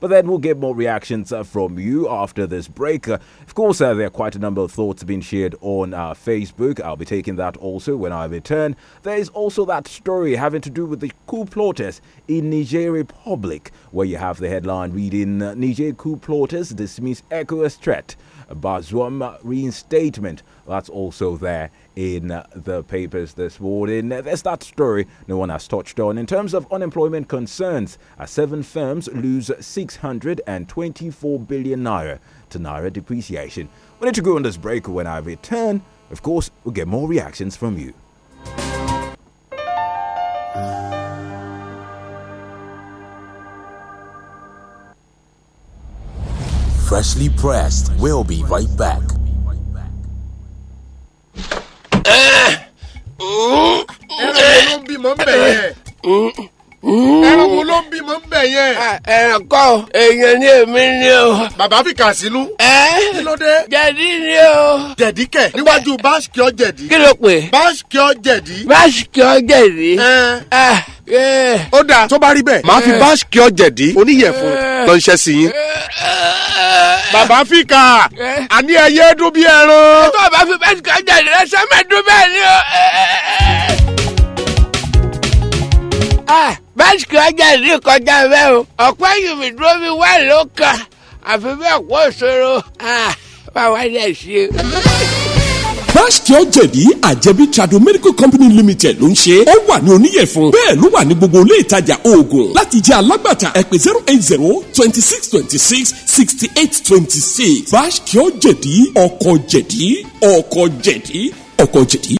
But then we'll get more reactions uh, from you after this break. Uh, of course, uh, there are quite a number of thoughts being shared on uh, Facebook. I'll be taking that also when I return. There is also that story having to do with the coup plotters in Niger Republic, where you have the headline reading uh, Niger coup plotters dismiss ECOWAS threat Bazoum reinstatement. That's also there in the papers this morning. There's that story no one has touched on. In terms of unemployment concerns, uh, seven firms lose 624 billion naira to naira depreciation. We need to go on this break when I return. Of course, we'll get more reactions from you. freshly pressed. We'll be right back. Eh. Eh. Eh. ẹran wo ló ń bímọ ń bẹ yẹn. Ah, ẹran kọ èèyàn ni èmi ni o. bàbá fi kà sílú. ẹ kí ló dé. jẹ̀dí ni o. jẹ̀dí kẹ̀ níwájú báṣkìọ́ jẹ̀dí. kí ló pè. báṣkìọ́ jẹ̀dí. báṣkìọ́ jẹ̀dí. Ah, eh. ó dáa tó bá rí bẹ́ẹ̀ máa fi eh. báṣkìọ́ jẹ̀dí oníyẹ̀fun eh. lọ́nṣẹ́ sí yín bàbá fìkà àní ẹyẹ dún bí ẹran. ètò àbáfi bẹ́ẹ̀ kọjá ìrẹsẹ̀ mẹ́ẹ̀ẹ́dún bẹ́ẹ̀ ni o báṣìkì ọjà ní kọjá bẹ́ẹ̀ o ọ̀pẹ́ yìí dúró mi wá ló kan àfi bẹ́ẹ̀ kó ṣòro ah, bá wá dẹ̀ ṣe. Báṣkì ọ̀jẹ̀bí àjẹbí Trado Medical Company Limited ló ń ṣe. Ó wà ní oníyẹ̀fún. Bẹ́ẹ̀ ló wà ní gbogbo ilé ìtajà oògùn. Láti jẹ́ alágbàtà ẹ zero eight zero twenty six twenty six sixty eight twenty six. Báṣkì ọ̀jẹ̀bí ọkọ̀ jẹ̀dí ọkọ̀ jẹ̀dí ọkọ̀ jẹ̀dí.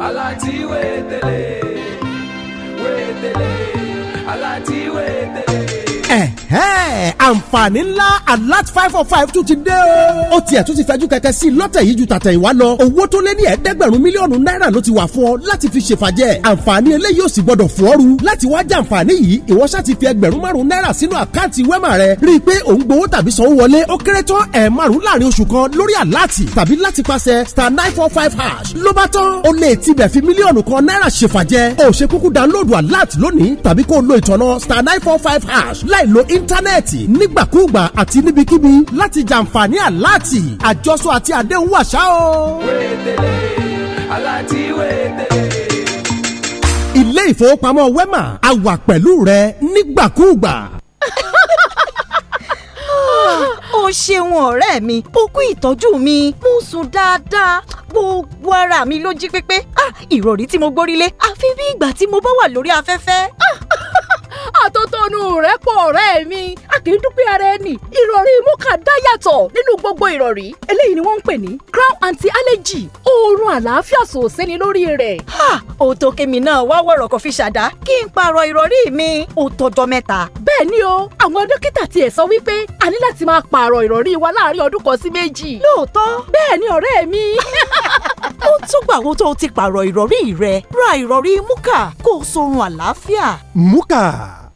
I like the way they live. àǹfààní ńlá alert five four oh five tún ti dé o. ó tiẹ̀ tún ti fẹ́jú kẹ̀kẹ́ sí lọ́tẹ̀ yìí ju tàtẹ̀yìnwá lọ. owó tó lé ní ẹ̀ẹ́dẹ́gbẹ̀rún mílíọ̀nù náírà ló ti wà fún ọ láti fi ṣèfàjẹ́. àǹfààní eléyìí ò sì gbọdọ̀ fún ọ́rù. láti wá jẹ àǹfààní yìí ìwọ ṣáà ti fi ẹgbẹ̀rún márùn-ún náírà sínú àkáǹtì wẹ́mà rẹ. rí i pé ò ń gbowó tàbí sanwó wọlé ó kéré tán ẹ̀ márùn láàrin oṣù kan lórí àláàtì tàbí láti pàṣẹ star nine four five hash. ló bá tán o lè tibẹ̀ fi mílíọ̀nù kan náírà ṣèfàjẹ́. o ṣe kúkú dáńlóòdù àláàtì lónìí tàbí kó o lo ìtọ̀nà star nine four five hash láì lo in íńtánẹ́ẹ̀tì nígbàkúùgbà àti níbikíbi láti jàǹfààní àláàtì àjọsọ àti àdéhùn àṣà o. ilé ìfowópamọ́ wema a wà pẹ̀lú rẹ nígbàkúùgbà. ó ṣeun ọ̀rẹ́ mi ó kú ìtọ́jú mi mo sùn dáadáa gbogbo ara mi ló jí pépé ah, ìrọ̀rí tí mo gbórí lé àfi bí ìgbà tí mo bá wà lórí afẹ́fẹ́. Ah, àtótónu rẹ̀ pọ̀ ọ̀rẹ́ mi a kì í dúpẹ́ ara ẹni ìrọ̀rí múkà dá yàtọ̀ nínú gbogbo ìrọ̀rí eléyìí ni wọ́n ń pè ní crown anti allergy oorun àlàáfíà sòsẹ́ni lórí rẹ̀. ha òótọ́ kemi náà wá wọ̀rọ̀ kò fi ṣàdá kí n pààrọ̀ ìrọ̀rí mi ó tọjọ́ mẹ́ta. bẹ́ẹ̀ ni o àwọn dókítà tiẹ̀ sọ wípé a ní láti máa pààrọ̀ ìrọ̀rí wa láàárín ọdún kan sí méjì. lóòótọ́ bẹ́ẹ̀ ni ọ̀rẹ́ mi. ó tún gbà wo tó ti pààrọ̀ ìrọ̀rí rẹ ra ìrọ̀rí múkà kó o sorun àlàáfíà. múkà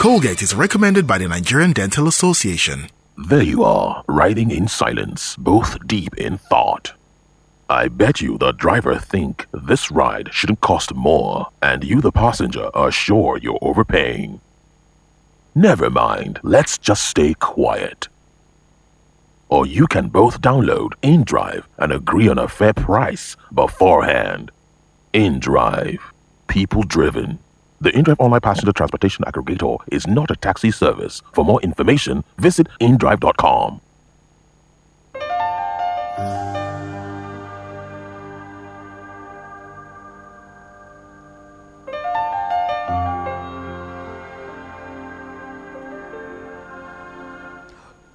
Colgate is recommended by the Nigerian Dental Association. There you are, riding in silence, both deep in thought. I bet you the driver think this ride shouldn't cost more, and you the passenger are sure you're overpaying. Never mind, let's just stay quiet. Or you can both download InDrive and agree on a fair price beforehand. InDrive, people driven. The InDrive Online Passenger Transportation Aggregator is not a taxi service. For more information, visit indrive.com.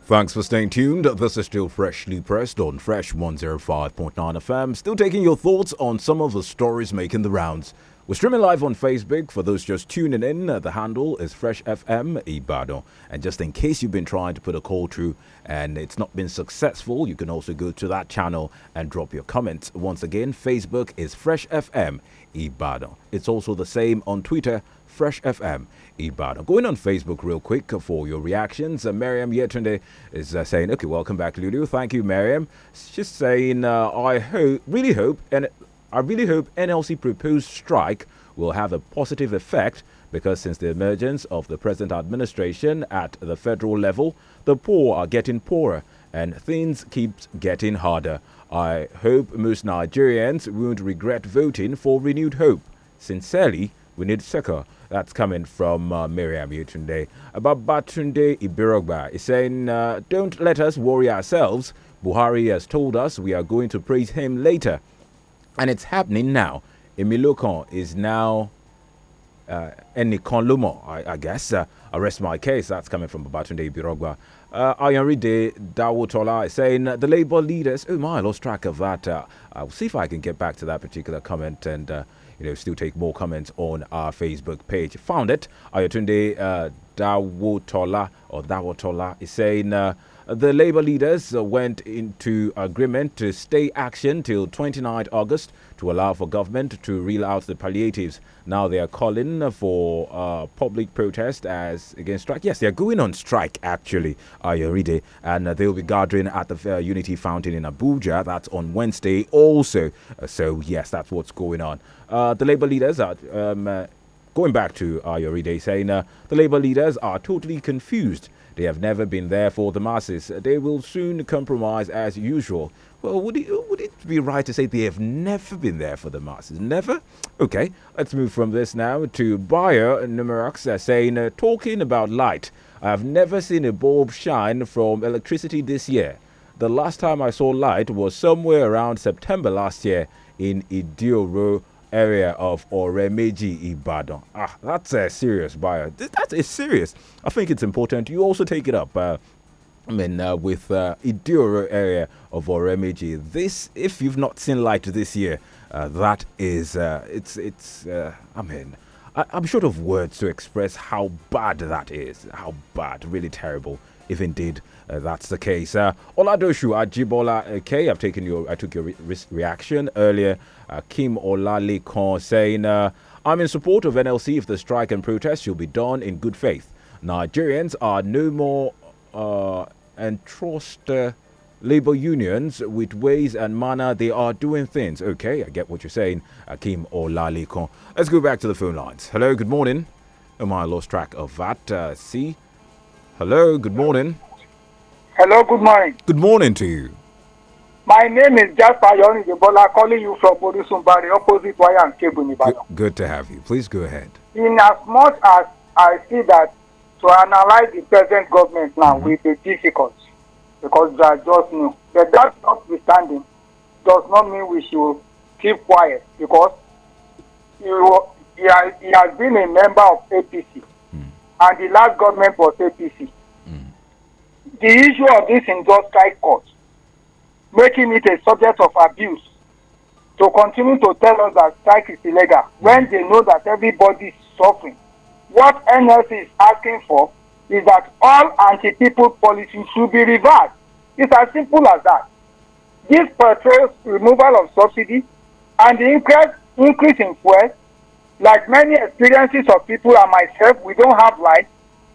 Thanks for staying tuned. This is still freshly pressed on Fresh 105.9 FM. Still taking your thoughts on some of the stories making the rounds. We're streaming live on Facebook. For those just tuning in, uh, the handle is Fresh FM Ibado. And just in case you've been trying to put a call through and it's not been successful, you can also go to that channel and drop your comments. Once again, Facebook is Fresh FM Ibado. It's also the same on Twitter. Fresh FM Ibado. Going on Facebook real quick for your reactions. Uh, Miriam Yetunde is uh, saying, okay, welcome back, Lulu. Thank you, Miriam. She's saying, uh, I hope, really hope, and I really hope NLC proposed strike will have a positive effect because since the emergence of the present administration at the federal level, the poor are getting poorer and things keep getting harder. I hope most Nigerians won't regret voting for renewed hope. Sincerely, we need Seka. That's coming from uh, Miriam Yetunde. About Batunde Ibirogba is saying, uh, Don't let us worry ourselves. Buhari has told us we are going to praise him later and it's happening now. Emilokon is now uh, Enikon Lumo, I, I guess. Uh, arrest my case. That's coming from Babatunde Birogwa. Uh, Ayanride Dawotola is saying the Labour leaders. Oh my, I lost track of that. Uh, I'll see if I can get back to that particular comment and uh, you know still take more comments on our Facebook page. Found it. Ayatunde uh, Dawotola or Dawotola is saying. Uh, the Labour leaders went into agreement to stay action till 29 August to allow for government to reel out the palliatives. Now they are calling for uh, public protest as against strike. Yes, they are going on strike actually, Ayoride, and uh, they'll be gathering at the uh, Unity Fountain in Abuja. That's on Wednesday also. Uh, so yes, that's what's going on. Uh, the Labour leaders are. Um, uh, going back to Ayoride saying the Labour leaders are totally confused they have never been there for the masses. They will soon compromise as usual. Well, would it, would it be right to say they have never been there for the masses? Never? Okay, let's move from this now to Bayer Numerox uh, saying, uh, talking about light, I have never seen a bulb shine from electricity this year. The last time I saw light was somewhere around September last year in Idioro, area of Oremeji Ibadan. Ah, that's a serious buyer. That is serious. I think it's important you also take it up. Uh, I mean, uh, with uh, area of Oremeji. This, if you've not seen light this year, uh, that is, uh, it's, it's. Uh, I mean, I, am short of words to express how bad that is. How bad, really terrible. If indeed uh, that's the case, uh, Oladoshu Ajibola. Okay, I've taken your, I took your re- reaction earlier. Akim Olalikon, saying, I'm in support of NLC if the strike and protest should be done in good faith. Nigerians are no more uh, entrust uh, labor unions with ways and manner they are doing things. Okay, I get what you're saying, Akim Olalikon. Let's go back to the phone lines. Hello, good morning. Am I lost track of that? Uh, see? Hello, good morning. Hello, good morning. Good morning to you. My name is Jasper Yoni Jebola, calling you from Bodusumbari, opposite Wayan Nibadan. Good, good to have you. Please go ahead. In as much as I see that to analyze the present government now mm -hmm. will be difficult because they are just new. But that notwithstanding does not mean we should keep quiet because he, he, has, he has been a member of APC mm. and the last government was APC. Mm. The issue of this industrial court making it a subject of abuse to continue to tell us that strike is illegal when they know that everybody is suffering. What NLC is asking for is that all anti-people policies should be reversed. It's as simple as that. This portrays removal of subsidy and the increase, increase in fuel. Like many experiences of people and myself, we don't have light.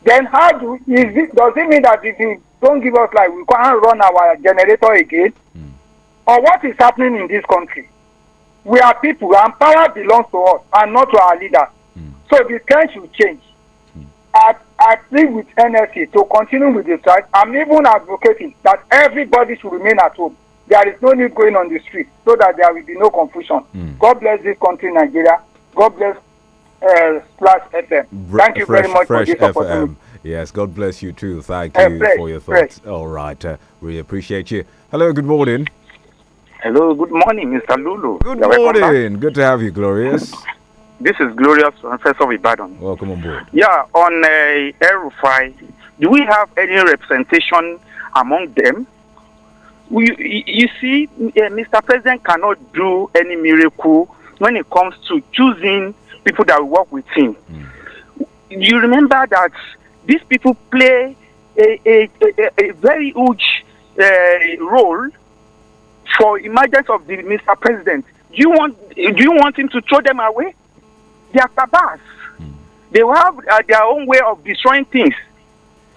Then how do is it, does it mean that if you don't give us light, we can't run our generator again? Mm. Or what is happening in this country? We are people, and power belongs to us and not to our leaders. Mm. So the trend should change. Mm. I I plead with NSC to continue with the strike. I'm even advocating that everybody should remain at home. There is no need going on the street so that there will be no confusion. Hmm. God bless this country, Nigeria. God bless slash uh, FM. Thank you fresh, very much fresh for this FM. opportunity. Yes, God bless you too. Thank uh, you fresh, for your thoughts. All right, uh, we appreciate you. Hello, good morning. Hello, good morning, Mr. Lulu. Good morning. Good to have you, Glorious. this is Glorious, First of Ibadan. Welcome on board. Yeah, on uh, Air do we have any representation among them? We, you see, uh, Mr. President cannot do any miracle when it comes to choosing people that work with him. Mm. You remember that these people play a, a, a, a very huge uh, role for emergence of the Mr. President. Do you want do you want him to throw them away? They are cabals. Mm. They have uh, their own way of destroying things.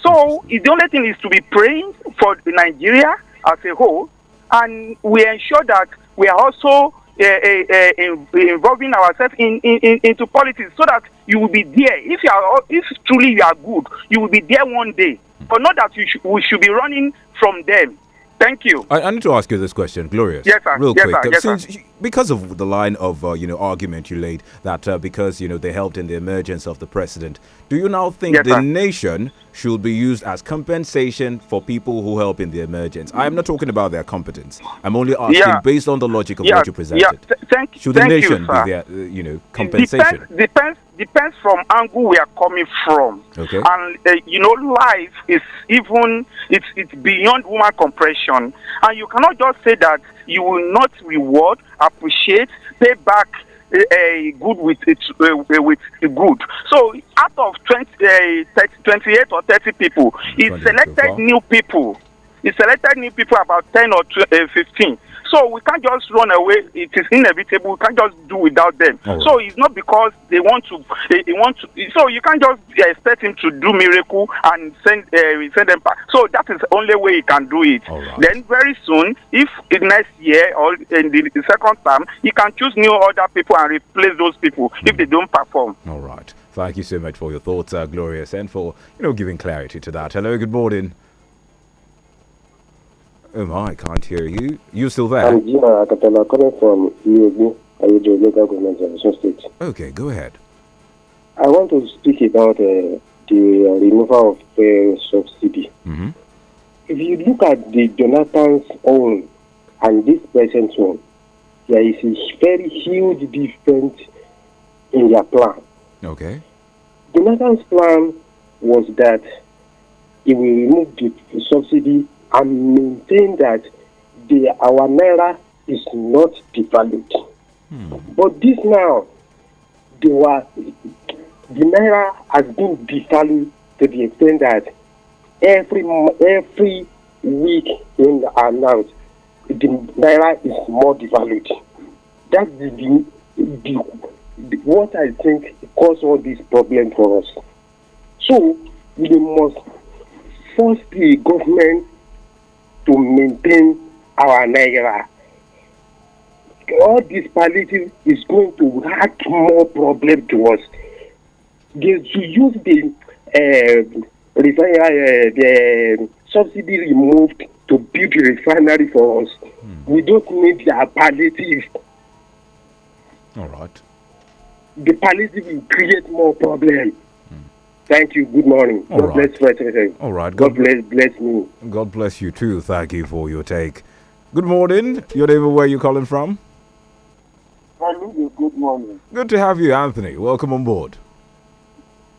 So the only thing is to be praying for Nigeria as a whole, and we ensure that we are also uh, uh, uh involving ourselves in, in, in, into politics so that you will be there. If you are, if truly you are good, you will be there one day. But not that you sh- we should be running from them. Thank you. I, I, need to ask you this question, Glorious. Yes, sir. Real yes, quick, sir. Uh, yes, Since, sir. because of the line of uh, you know argument you laid that uh, because you know they helped in the emergence of the president, do you now think yes, the sir. nation should be used as compensation for people who help in the emergence? I am not talking about their competence. I'm only asking yeah. based on the logic of yeah. what you presented. Yeah. Th thank, should the thank nation you, be their uh, you know compensation? Depends, depends depends from angle we are coming from. Okay. And uh, you know, life is even it's it's beyond human compression, and you cannot just say that you will not reward, appreciate, pay back a uh, uh, good with it uh, uh, with good. So out of 20, uh, 30, 28 or thirty people, it selected new people. It selected new people about ten or uh, fifteen so we can't just run away. It is inevitable. We can't just do without them. Right. Oh. So it's not because they want to. They, they, want to. So you can't just expect him to do miracle and send uh, send them back. So that is the only way he can do it. Right. Then very soon, if next year or in the, second time, he can choose new other people and replace those people mm. if hmm. they don't perform. All right. Thank you so much for your thoughts, uh, Glorious, and for you know giving clarity to that. Hello. Good morning. Oh I can't hear you. You're still there? Um, yeah, Akatala, coming from Iyogu, Ayojo, local government of Osun State. Okay, go ahead. I want to speak about uh, the uh, removal of the subsidy. Mm-hmm. If you look at the Jonathan's own and this person's own, there is a very huge difference in their plan. Okay. Jonathan's plan was that he will remove the subsidy and maintain that the our naira is not devalued. Hmm. But this now, they were, the naira has been devalued to the extent that every every week in our now, the naira is more devalued. That's the, the, the, what I think caused all this problem for us. So we must force the government to maintain our naira. All this palliative is going to add more problem to us. They to use the uh, uh, the um, subsidy removed to build refinery for us. Mm. We don't need their palliative. All right. The palliative will create more problem. Thank you. Good morning. All God right. bless you. All right. God, God bless, bless me. God bless you too. Thank you for your take. Good morning. Your neighbor, where you calling from? Good morning. Good to have you, Anthony. Welcome on board.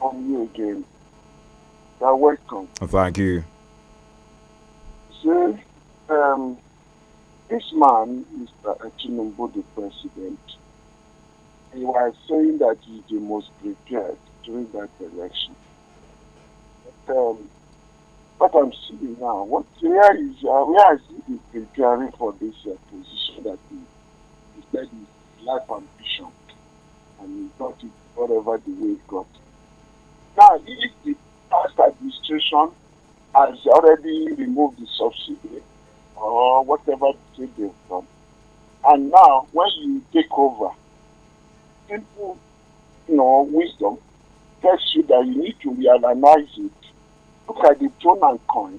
On you again. You're welcome. Thank you. So, um, this man, Mr. Achinumbo, the president, he was saying that he's the most prepared during that election. But, um, what I'm seeing now, what where is uh, where is he preparing for this uh, position that he, he said his life ambition and he got it whatever the way he got. Now, if the past administration has already removed the subsidy or whatever thing they've done, and now when you take over, simple, you know, wisdom tells you that you need to reanalyze it. Look at the tone and coin.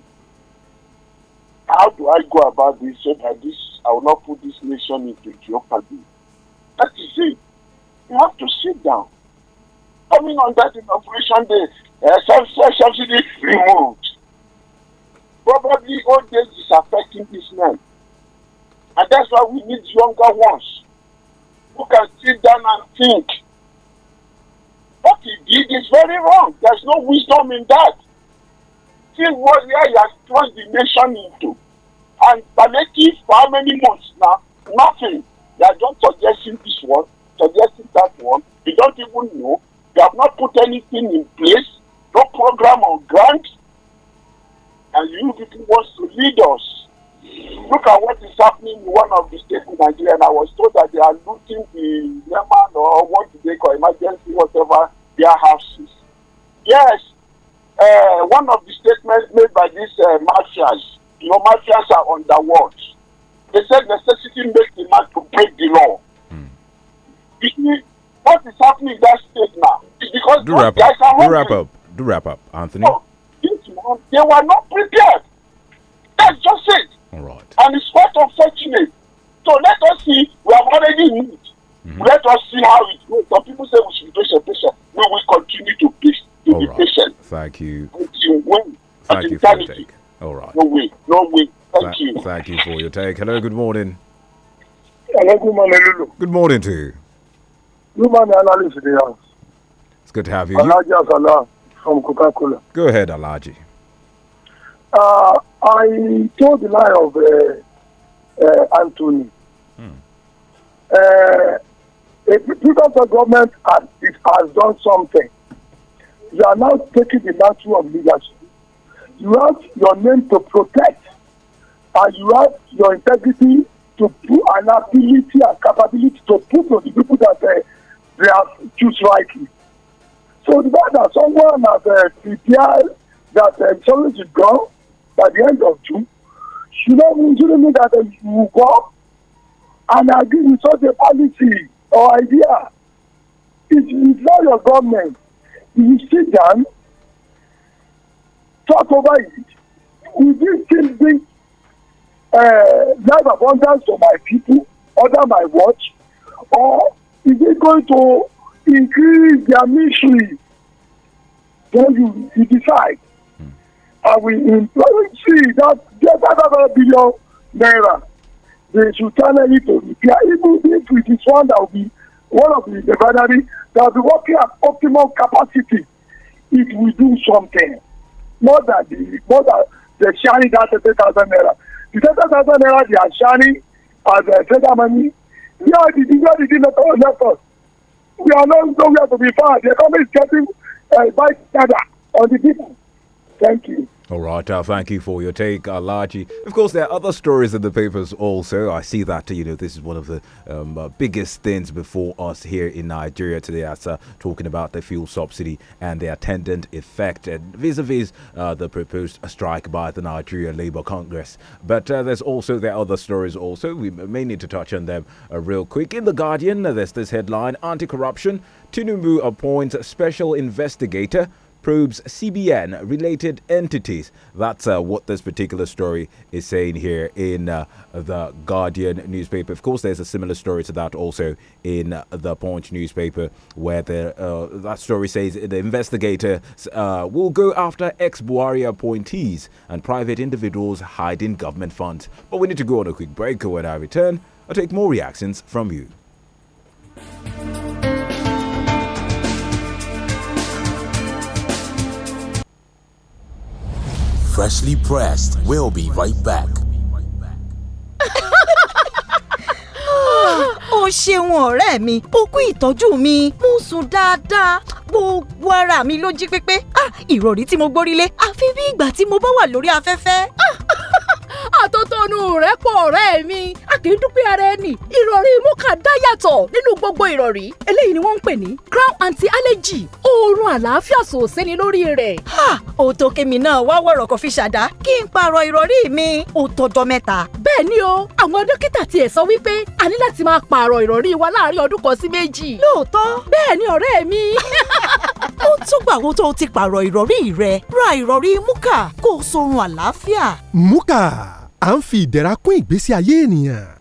How do I go about this so that this I will not put this nation into jeopardy? That is it. You have to sit down. Coming on that operation day, uh, self subsidy removed. Probably old age is affecting this man. And that's why we need younger ones who can sit down and think. What he did is very wrong. There's no wisdom in that. See what he has thrust the nation into. And Baleki for how many months now? Nothing. They are just suggesting this one, suggesting that one. They don't even know. They have not put anything in place, no program or grant. And you people want to lead us. Look at what is happening in one of the states in Nigeria, and I was told that they are looting the Yemen or what they call emergency, whatever their houses. Yes, uh, one of the statements made by these uh, mafias, you know, mafias are underworld. They said necessity makes the man to break the law. Mm. You see, what is happening in that state now is because do wrap guys up. are do wrap up. Do wrap up, Anthony. So, this month, they were not prepared. That's just it. All right. And it's quite unfortunate. So let us see. We have already moved. Mm -hmm. Let us see how it goes. Some people say we should be patient, patient. We will continue to, be, to be right. patient. Thank you. When, Thank you for your take. All right. No way. No way. Thank Th you. Thank you for your take. Hello. Good morning. Hello. Good morning, Lulu. Good morning to you. Good morning, analyst in the house. It's good to have you. Alaji Asala from Coca-Cola. Go ahead, Alaji. Uh, I told the lie of uh, uh, Anthony. Hmm. Uh, the government has, it has done something. You are now taking the mantle of leadership. You have your name to protect, and you have your integrity to put an ability and capability to put on the people that uh, they have choose rightly. So the fact that someone has uh, prepared that um, challenge is gone by the end of June should not mean to me that uh, go and agree with such a policy or idea. It is not your government. You sit down, talk over it. Will this thing bring uh, life abundance to my people under my watch? Or is it going to increase their misery? Then you, you decide. and we employ see that just another billion naira they should turn it to repair even if it is one that will be one of the refinery that will be working at optimum capacity it will do something more than the more than the sharing that thirty thousand naira the thirty thousand naira they are sharing as a uh, federal money where did the where did the letter left us we are not nowhere to be found the economy is getting uh, by standard on the people Thank you. All right, uh, thank you for your take, Alaji. Uh, of course, there are other stories in the papers also. I see that, you know, this is one of the um, uh, biggest things before us here in Nigeria today. Asa uh, talking about the fuel subsidy and the attendant effect vis a vis the proposed strike by the Nigeria Labour Congress. But uh, there's also, there are other stories also. We may need to touch on them uh, real quick. In The Guardian, there's this headline Anti corruption, Tinubu appoints special investigator probes CBN related entities. That's uh, what this particular story is saying here in uh, the Guardian newspaper. Of course, there's a similar story to that also in uh, the Punch newspaper, where the, uh, that story says the investigator uh, will go after ex Buhari appointees and private individuals hiding government funds. But we need to go on a quick break. When I return, I'll take more reactions from you. Freshly pressed. We'll be right back. ó oh, ṣeun ọ̀rẹ́ mi ó kú ìtọ́jú mi mo sùn dáadáa gbogbo ara mi ló jí pépé ah, ìrọ̀rí tí mo gbórílé àfi bí ìgbà tí mo bá wà lórí afẹ́fẹ́. Ah, àtọ́tọ́nu rẹ̀ pọ̀ ọ̀rẹ́ mi kì í dúpẹ́ ara ẹni ìrọ̀rí Muka dá yàtọ̀ nínú gbogbo ìrọ̀rí eléyìí ni wọ́n ń pè ní crown anti allergy oorun àlàáfíà sòséni lórí rẹ̀. ha òótọ́ kemi náà wá wọ̀rọ̀ kò fi ṣàdá kí n pààrọ̀ ìrọ̀rí mi ó tọjọ́ mẹ́ta. bẹ́ẹ̀ ni o àwọn dókítà tiẹ̀ sọ wípé a ní láti máa pààrọ̀ ìrọ̀rí wa láàárín ọdún kan sí méjì. lóòótọ́ bẹ́ẹ̀ ni ọ̀rẹ́ mi. ó tún gbà wo tó o ti pààrọ̀ ìrọ̀rí rẹ ra ìrọ̀rí Muka kó o sorun àlàáfíà. Muka à ń fi ìdẹ̀ra kún ìgbésí ayé ènìyàn.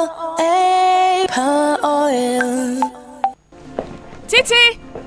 paper oil. P Titi!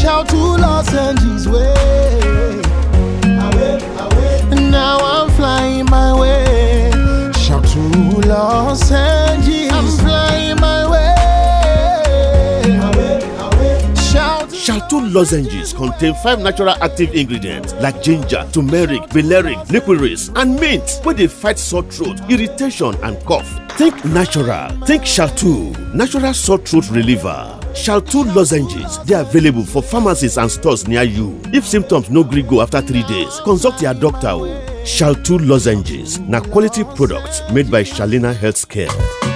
shout to Los Angeles way. Away, away. Now I'm flying my way. Shout to Los Angeles. I'm flying my way. Away, shout Shalto lozenges contain five natural active ingredients like ginger, turmeric, valeric, licorice, and mint, where they fight sore throat, irritation, and cough. Think natural. Think Shalto, natural sore throat reliever. Shaltu lozenges. They are available for pharmacies and stores near you. If symptoms no gree go after three days, consult your doctor. Shaltu lozenges na quality product made by Shalina Healthcare.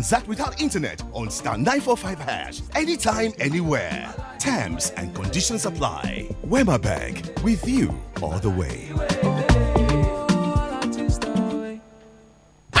transact without internet on star 945 hash anytime, anywhere. Terms and conditions apply. Wemabag with you all the way.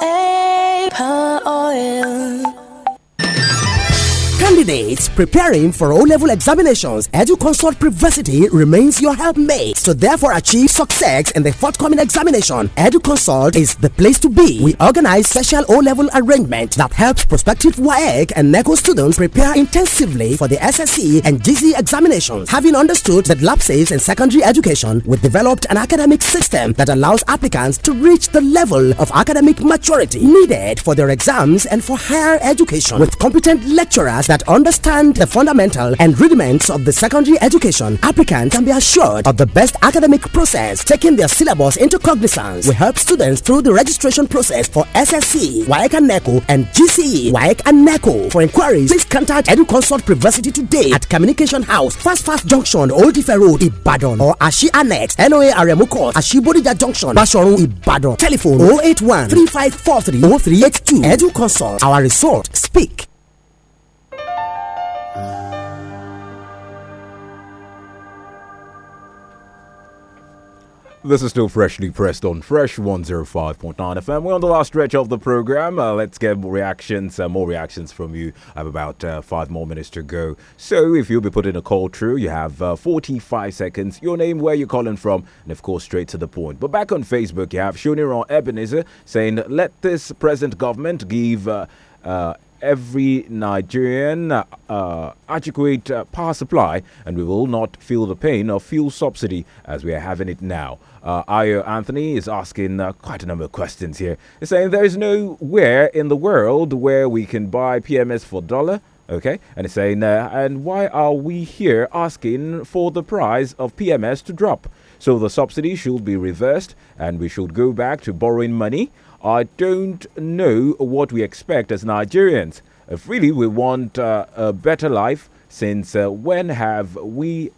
Paper oil. Candidates preparing for O-level examinations, EduConsult Privacy remains your helpmate. So therefore achieve success in the forthcoming examination. EduConsult is the place to be. We organize special O-level arrangement that helps prospective WAEC and NECO students prepare intensively for the SSE and GC examinations. Having understood that lapses in secondary education, we developed an academic system that allows applicants to reach the level of academic maturity needed for their exams and for higher education with competent lecturers that understand the fundamental and rudiments of the secondary education, applicants can be assured of the best academic process, taking their syllabus into cognizance. We help students through the registration process for SSC, WAEC and NECO, and GCE, WAEC and NECO. For inquiries, please contact EduConsult Privacy today at Communication House, Fast Fast Junction, Old Ife Road, Ibadan, or Ashi Annex, NOA Aremu Court, Ashibodija Junction, Basharun, Ibadan. Telephone 081 3543 0382. EduConsult, our resort. Speak. This is still freshly pressed on Fresh 105.9 FM. We're on the last stretch of the program. Uh, let's get more reactions, uh, more reactions from you. I have about uh, five more minutes to go. So if you'll be putting a call through, you have uh, 45 seconds. Your name, where you're calling from, and of course, straight to the point. But back on Facebook, you have Shoniron Ebenezer saying, Let this present government give. Uh, uh, every Nigerian uh, uh adequate uh, power supply, and we will not feel the pain of fuel subsidy as we are having it now. Uh, Ayo Anthony is asking uh, quite a number of questions here. He's saying there is nowhere in the world where we can buy PMS for dollar. Okay, and he's saying, uh, and why are we here asking for the price of PMS to drop? So the subsidy should be reversed, and we should go back to borrowing money I don't know what we expect as Nigerians. If uh, really we want uh, a better life, since uh, when have we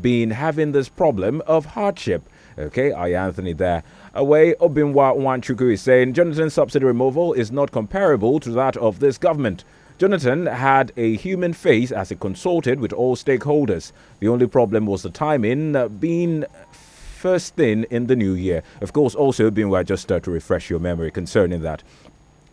been having this problem of hardship? Okay, I Anthony there. Away, Obinwa Wanchuku is saying Jonathan's subsidy removal is not comparable to that of this government. Jonathan had a human face as he consulted with all stakeholders. The only problem was the timing, uh, being first thing in the new year. Of course, also Binwa, just uh, to refresh your memory concerning that.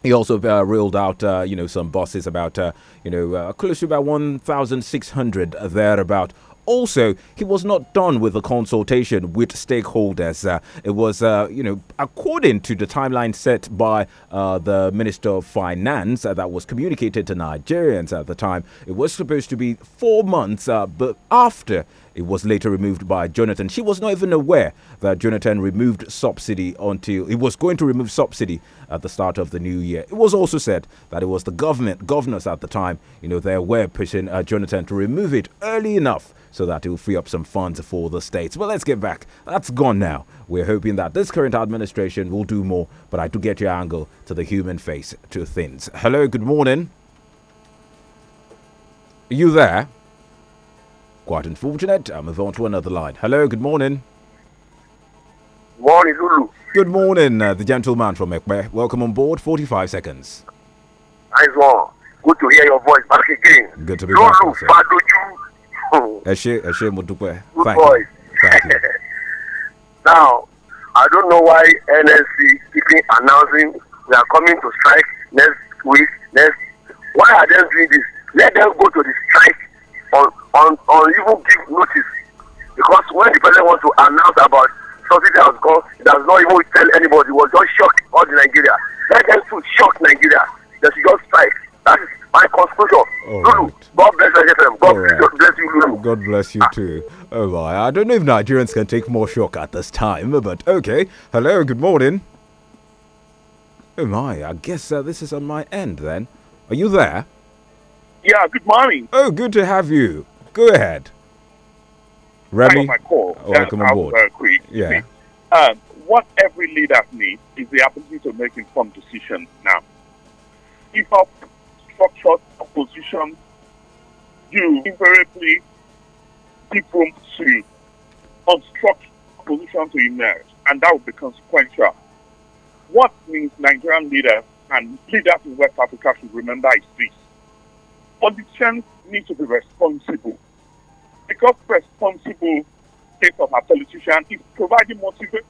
He also uh, ruled out, uh, you know, some bosses about, uh, you know, uh, close to about 1,600 thereabout also, he was not done with the consultation with stakeholders. Uh, it was, uh, you know, according to the timeline set by uh, the Minister of Finance uh, that was communicated to Nigerians at the time, it was supposed to be four months but after it was later removed by Jonathan. She was not even aware that Jonathan removed subsidy until he was going to remove subsidy at the start of the new year. It was also said that it was the government, governors at the time, you know, they were pushing uh, Jonathan to remove it early enough so that it will free up some funds for the states. But let's get back. That's gone now. We're hoping that this current administration will do more, but I do get your angle to the human face to things. Hello, good morning. Are you there? Quite unfortunate. I move on to another line. Hello, good morning. Morning, Lulu. Good morning, uh, the gentleman from Ekbe. Welcome on board. 45 seconds. Nice one. Good to hear your voice back again. Good to be Lulu, back. Lulu, Fadoju. Eshe, Good voice. now, I don't know why NSC keeping announcing we are coming to strike next week, next. Why are they doing this? Let them go to the strike or, on, on! even give notice. Because when the president wants to announce about something that has gone, he does not even tell anybody. It was just shock all the Nigeria. Let them to shock Nigeria. That is should just strike. That is my conclusion. Lulu, right. God bless Nigeria. God right. bless you, Lulu. God bless you ah. too. Oh my, I don't know if Nigerians can take more shock at this time, but okay. Hello, good morning. Oh my, I guess uh, this is on my end then. Are you there? Yeah, good morning. Oh, good to have you. Go ahead. Remy, my call. welcome oh, aboard. Very uh, quick. Yeah. Um, what every leader needs is the ability to make informed decisions now. If our structured opposition, you invariably give room to obstruct opposition to emerge, and that would be consequential. What means Nigerian leaders and leaders in West Africa should remember is this politicians need to be responsible because responsible state of a politician is providing motivation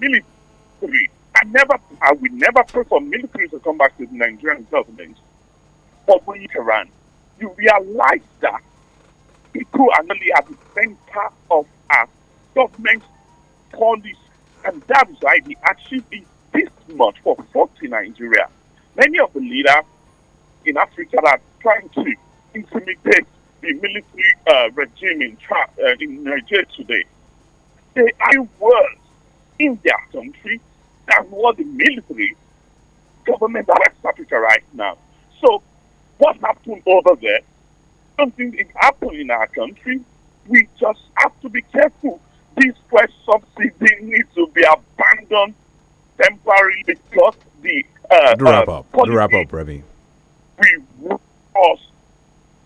military. I never, I will never pray for military to come back to the Nigerian government. But when you run, you realize that people are really at the center of our government policy, and that is why the action is this much for 40 Nigeria. Many of the leaders in Africa that are trying to intimidate the military uh, regime in, uh, in Nigeria today. They are worse in their country than what the military government of West Africa right now. So, what happened over there? Something is happened in our country. We just have to be careful. This fresh subsidy needs to be abandoned temporarily because the uh, wrap uh, up, uh, the wrap up, Remy we lost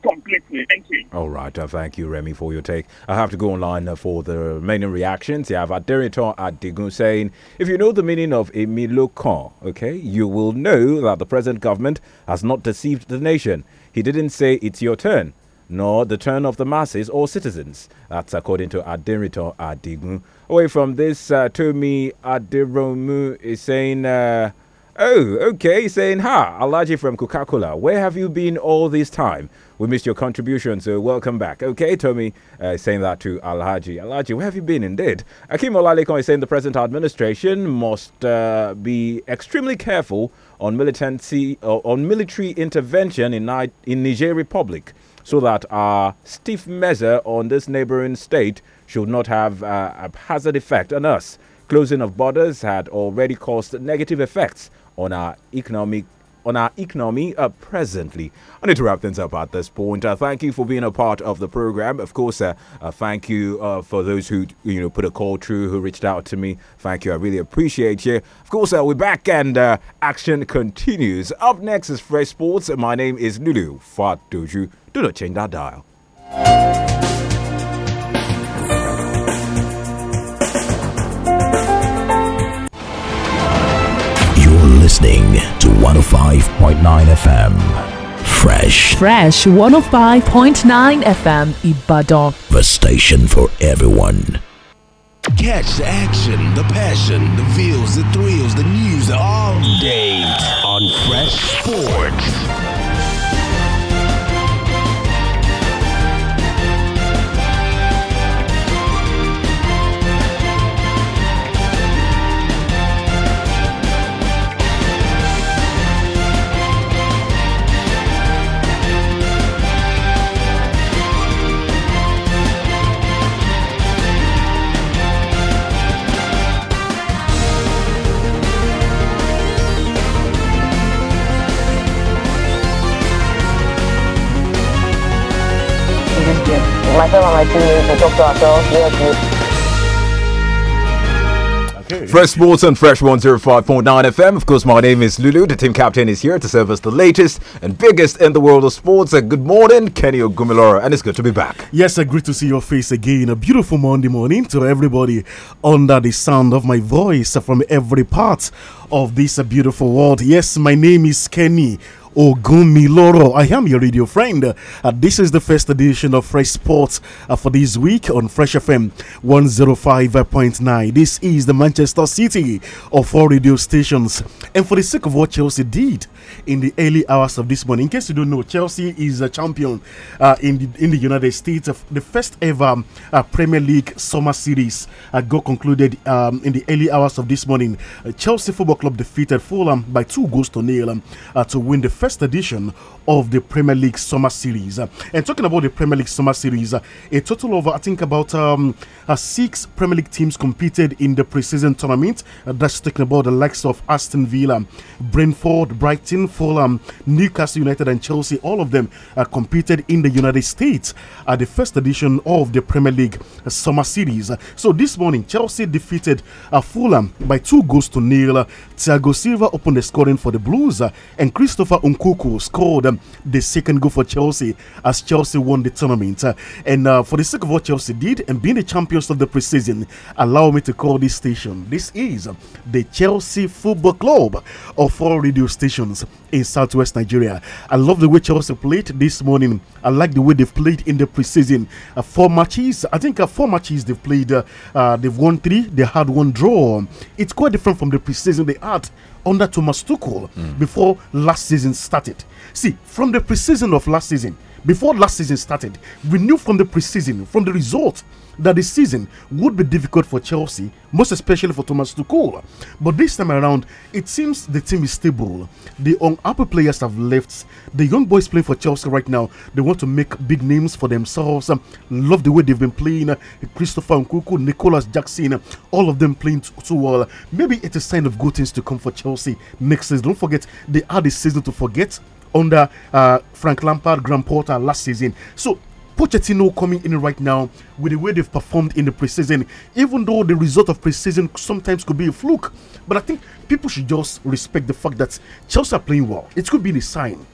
completely. Thank you. All right. Uh, thank you, Remy, for your take. I have to go online uh, for the remaining reactions. You have Aderiton Adigun saying, If you know the meaning of Emilokan, okay, you will know that the present government has not deceived the nation. He didn't say it's your turn, nor the turn of the masses or citizens. That's according to Aderiton Adigun. Away from this, uh, Tomi Adiromu is saying, uh, Oh, okay, saying, Ha, Alaji from Coca Cola, where have you been all this time? We missed your contribution, so welcome back. Okay, Tommy uh, saying that to Alhaji. Alhaji, where have you been indeed? Akim Olalekan is saying the present administration must uh, be extremely careful on, militancy, uh, on military intervention in, Ni in Niger Republic so that our stiff measure on this neighboring state should not have uh, a hazard effect on us. Closing of borders had already caused negative effects on our economic on our economy uh, presently. I need to wrap things up at this point. Uh, thank you for being a part of the program. Of course, uh, uh thank you uh, for those who you know put a call through, who reached out to me. Thank you. I really appreciate you. Of course, uh, we're back and action continues. Up next is Fresh Sports. My name is Lulu Fatuju. Do not change that dial. listening to 105.9 FM. Fresh. Fresh 105.9 FM Ibadan. The station for everyone. Catch the action, the passion, the feels, the thrills, the news all day on Fresh Sports. myself and my teammates, we talk to ourselves, okay. Fresh Sports on Fresh 105.9 FM. Of course, my name is Lulu. The team captain is here to serve us the latest and biggest in the world of sports. And good morning, Kenny Ogumiloro, and it's good to be back. Yes, I great to see your face again. A beautiful Monday morning to everybody under the sound of my voice from every part of this beautiful world. Yes, my name is Kenny Ogumiloro. I am your radio friend. Uh, this is the first edition of Fresh Sports uh, for this week on Fresh FM 105.9. This is the Manchester City of all radio stations. And for the sake of what Chelsea did in the early hours of this morning, in case you don't know, Chelsea is a champion uh, in, the, in the United States. The first ever uh, Premier League summer series uh, got concluded um, in the early hours of this morning. Uh, Chelsea Football Club defeated Fulham by two goals to nil um, to win the first edition of the Premier League Summer Series. and talking about the Premier League Summer Series, a total of, I think, about um, uh, six Premier League teams competed in the preseason tournament. Uh, that's talking about the likes of Aston Villa, Brentford, Brighton, Fulham, Newcastle United, and Chelsea. All of them uh, competed in the United States at the first edition of the Premier League Summer Series. So this morning, Chelsea defeated uh, Fulham by two goals to nil. Thiago Silva opened the scoring for the Blues, uh, and Christopher Unkuku scored um, the second goal for Chelsea as Chelsea won the tournament. Uh, and uh, for the sake of what Chelsea did and being the champions of the preseason, allow me to call this station. This is the Chelsea Football Club of four radio stations in southwest Nigeria. I love the way Chelsea played this morning. I like the way they've played in the preseason. Uh, four matches, I think uh, four matches they've played. Uh, they've won three, they had one draw. It's quite different from the preseason they had under Thomas Tuchel mm. before last season started. See, from the preseason of last season, before last season started, we knew from the preseason, from the result, that the season would be difficult for Chelsea, most especially for Thomas Tuchel. But this time around, it seems the team is stable. The unhappy players have left. The young boys playing for Chelsea right now, they want to make big names for themselves. love the way they've been playing. Christopher Nkuku, Nicholas Jackson, all of them playing so well. maybe it's a sign of good things to come for Chelsea next season. Don't forget, they had a season to forget under uh, Frank Lampard, Graham Porter last season. So Pochettino coming in right now with the way they've performed in the preseason, even though the result of preseason sometimes could be a fluke. But I think people should just respect the fact that Chelsea are playing well. It could be a sign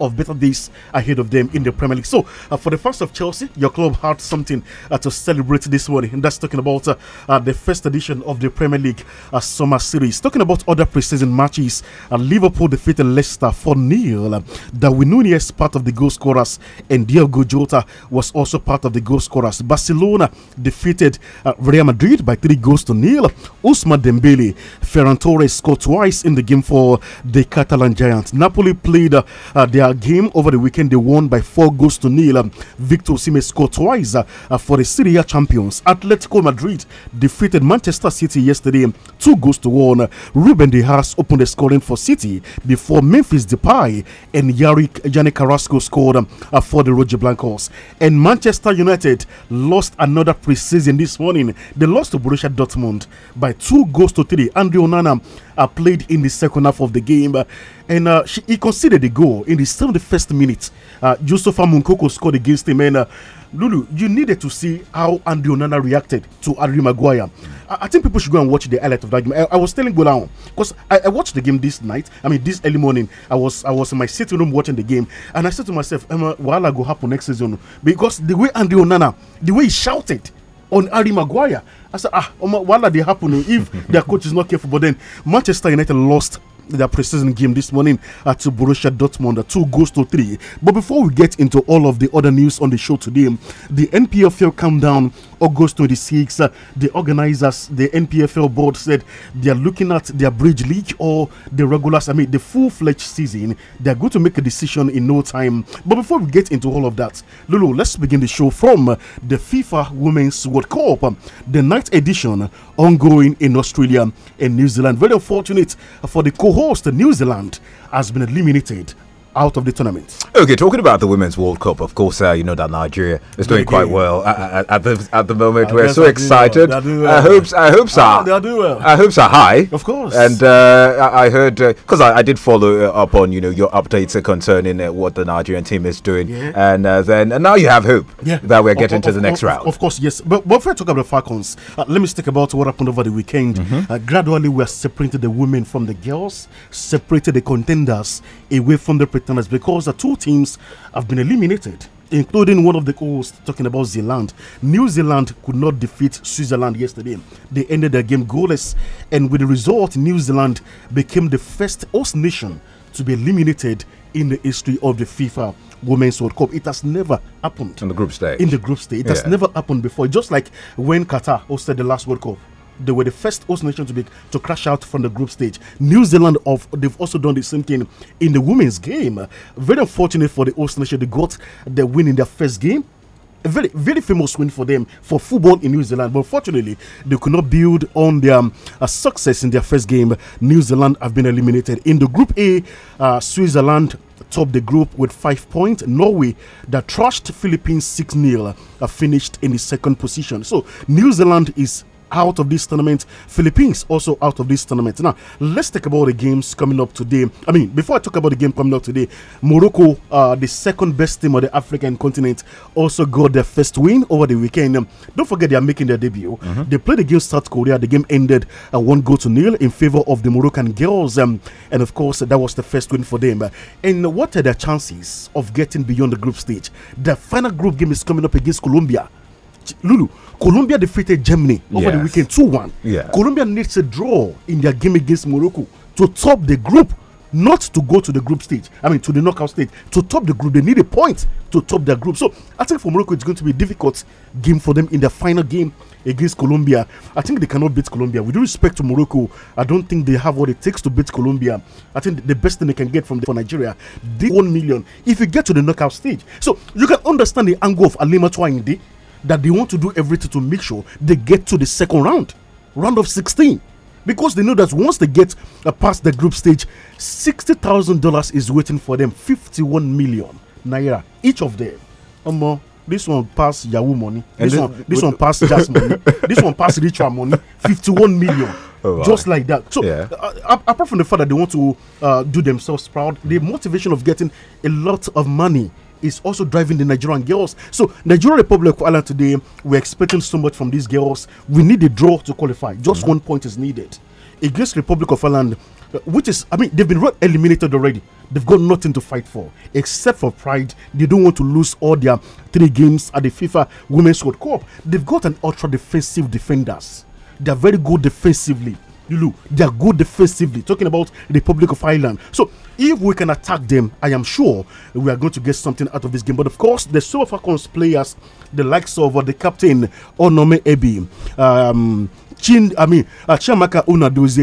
of better days ahead of them in the Premier League. So, uh, for the fans of Chelsea, your club had something uh, to celebrate this morning, and that's talking about uh, uh, the first edition of the Premier League uh, Summer Series. Talking about other preseason matches, uh, Liverpool defeated Leicester for nil. Uh, Darwin Nunez, part of the goal scorers, and Diogo Jota was also part of the goal scorers. Barcelona defeated Real Madrid by 3 goals to nil. Usma Dembele, Ferran Torres scored twice in the game for the Catalan Giants. Napoli played their uh, game over the weekend. They won by four goals to nil. Um, Victor Osimhen scored twice uh, uh for the Serie A champions. Atletico Madrid defeated Manchester City yesterday, um, two goals to one. Ruben Dias opened the scoring for City before Memphis Depay and Yarik Yannick Carrasco scored um, uh, for the Roger Blancos. And Manchester United lost another preseason this morning. They lost to Borussia Dortmund by two goals to three. Andre Onana uh, played in the second half of the game. Uh, and uh, she, he conceded a goal in the 71st minute. Uh, Yusufa Munkoko scored against him. And uh, Lulu, you needed to see how Andrew Onana reacted to Adri Maguire. I, I, think people should go and watch the highlight of that game. I, I was telling Golan because I, I, watched the game this night. I mean, this early morning, I was I was in my sitting room watching the game, and I said to myself, Emma, will I go happen next season? Because the way Andrew Onana, the way he shouted, on Harry Maguire. I said, ah, while are they happening if their coach is not careful? But then Manchester United lost their preseason game this morning at Borussia Dortmund, two goals to three. But before we get into all of the other news on the show today, the NPFL countdown August 26, uh, the organizers, the NPFL board said they are looking at their bridge league or the regulars, I mean, the full fledged season. They are going to make a decision in no time. But before we get into all of that, Lulu, let's begin the show from the FIFA Women's World Cup, the ninth edition ongoing in Australia and New Zealand. Very unfortunate for the co host, New Zealand, has been eliminated out of the tournament. Okay, talking about the Women's World Cup, of course, uh, you know that Nigeria is doing quite well at, at, the at the moment. I uh, We're so excited. Well. Ah, well. I hope I hopes are well. I hopes are high. Of course. And uh, I, heard because uh, I, I, did follow uh, up on you know your updates concerning what the Nigerian team is doing, yeah. and then and now you have hope yeah. that we're getting of, to the next of, round. Of course, yes. But, before I talk about the Falcons, let me stick about what happened over the weekend. Mm -hmm. gradually, we are separating the women from the girls, separating the contenders away from the pretenders because the two teams have been eliminated including one of the co-hosts talking about Zealand. New Zealand could not defeat Switzerland yesterday. They ended their game goalless, and with the result, New Zealand became the first host nation to be eliminated in the history of the FIFA Women's World Cup. It has never happened in the group stage. In the group stage, it yeah. has never happened before. Just like when Qatar hosted the last World Cup they were the first host nation to be to crash out from the group stage. New Zealand of they've also done the same thing in the women's game. Very unfortunate for the host nation. They got the win in their first game. A very very famous win for them for football in New Zealand. But fortunately, they could not build on their um, uh, success in their first game. New Zealand have been eliminated in the Group A. Uh, Switzerland topped the group with five points. Norway that trashed Philippines six 0 uh, finished in the second position. So New Zealand is out of this tournament. Philippines also out of this tournament. Now, let's talk about the games coming up today. I mean, before I talk about the game coming up today, Morocco, uh, the second best team on the African continent, also got their first win over the weekend. Um, don't forget they are making their debut. Mm -hmm. They played against South Korea. The game ended uh, one goal to nil in favor of the Moroccan girls. Um, and of course, that was the first win for them. And what are their chances of getting beyond the group stage? The final group game is coming up against Colombia. Lulu, Colombia defeated Germany over yes. the weekend 2 1. Yeah. Colombia needs a draw in their game against Morocco to top the group, not to go to the group stage. I mean, to the knockout stage. To top the group, they need a point to top their group. So I think for Morocco, it's going to be a difficult game for them in the final game against Colombia. I think they cannot beat Colombia. With respect to Morocco, I don't think they have what it takes to beat Colombia. I think the best thing they can get from the, for Nigeria, the one million, if you get to the knockout stage. So you can understand the angle of Alima Twinde that they want to do everything to make sure they get to the second round, round of 16. Because they know that once they get uh, past the group stage, $60,000 is waiting for them, 51 million naira, each of them. Um, this one pass Yahoo money, this, this, one, this one pass Jazz money, this one pass Ritual money, 51 million. Oh, wow. just like that. So, yeah. Uh, uh, apart from the fact that they want to uh, do themselves proud, the motivation of getting a lot of money is also driving the Nigerian girls. So, Nigerian Republic of Ireland today, we're expecting so much from these girls. We need a draw to qualify. Just mm -hmm. one point is needed against Republic of Ireland, which is, I mean, they've been eliminated already. They've got nothing to fight for except for pride. They don't want to lose all their three games at the FIFA Women's World Cup. They've got an ultra defensive defenders. They're very good defensively they are good defensively. Talking about the Republic of Ireland. So if we can attack them, I am sure we are going to get something out of this game. But of course, the Super Falcons players, the likes of uh, the captain Onome Ebi, um, Chin, I mean, uh, Chamaka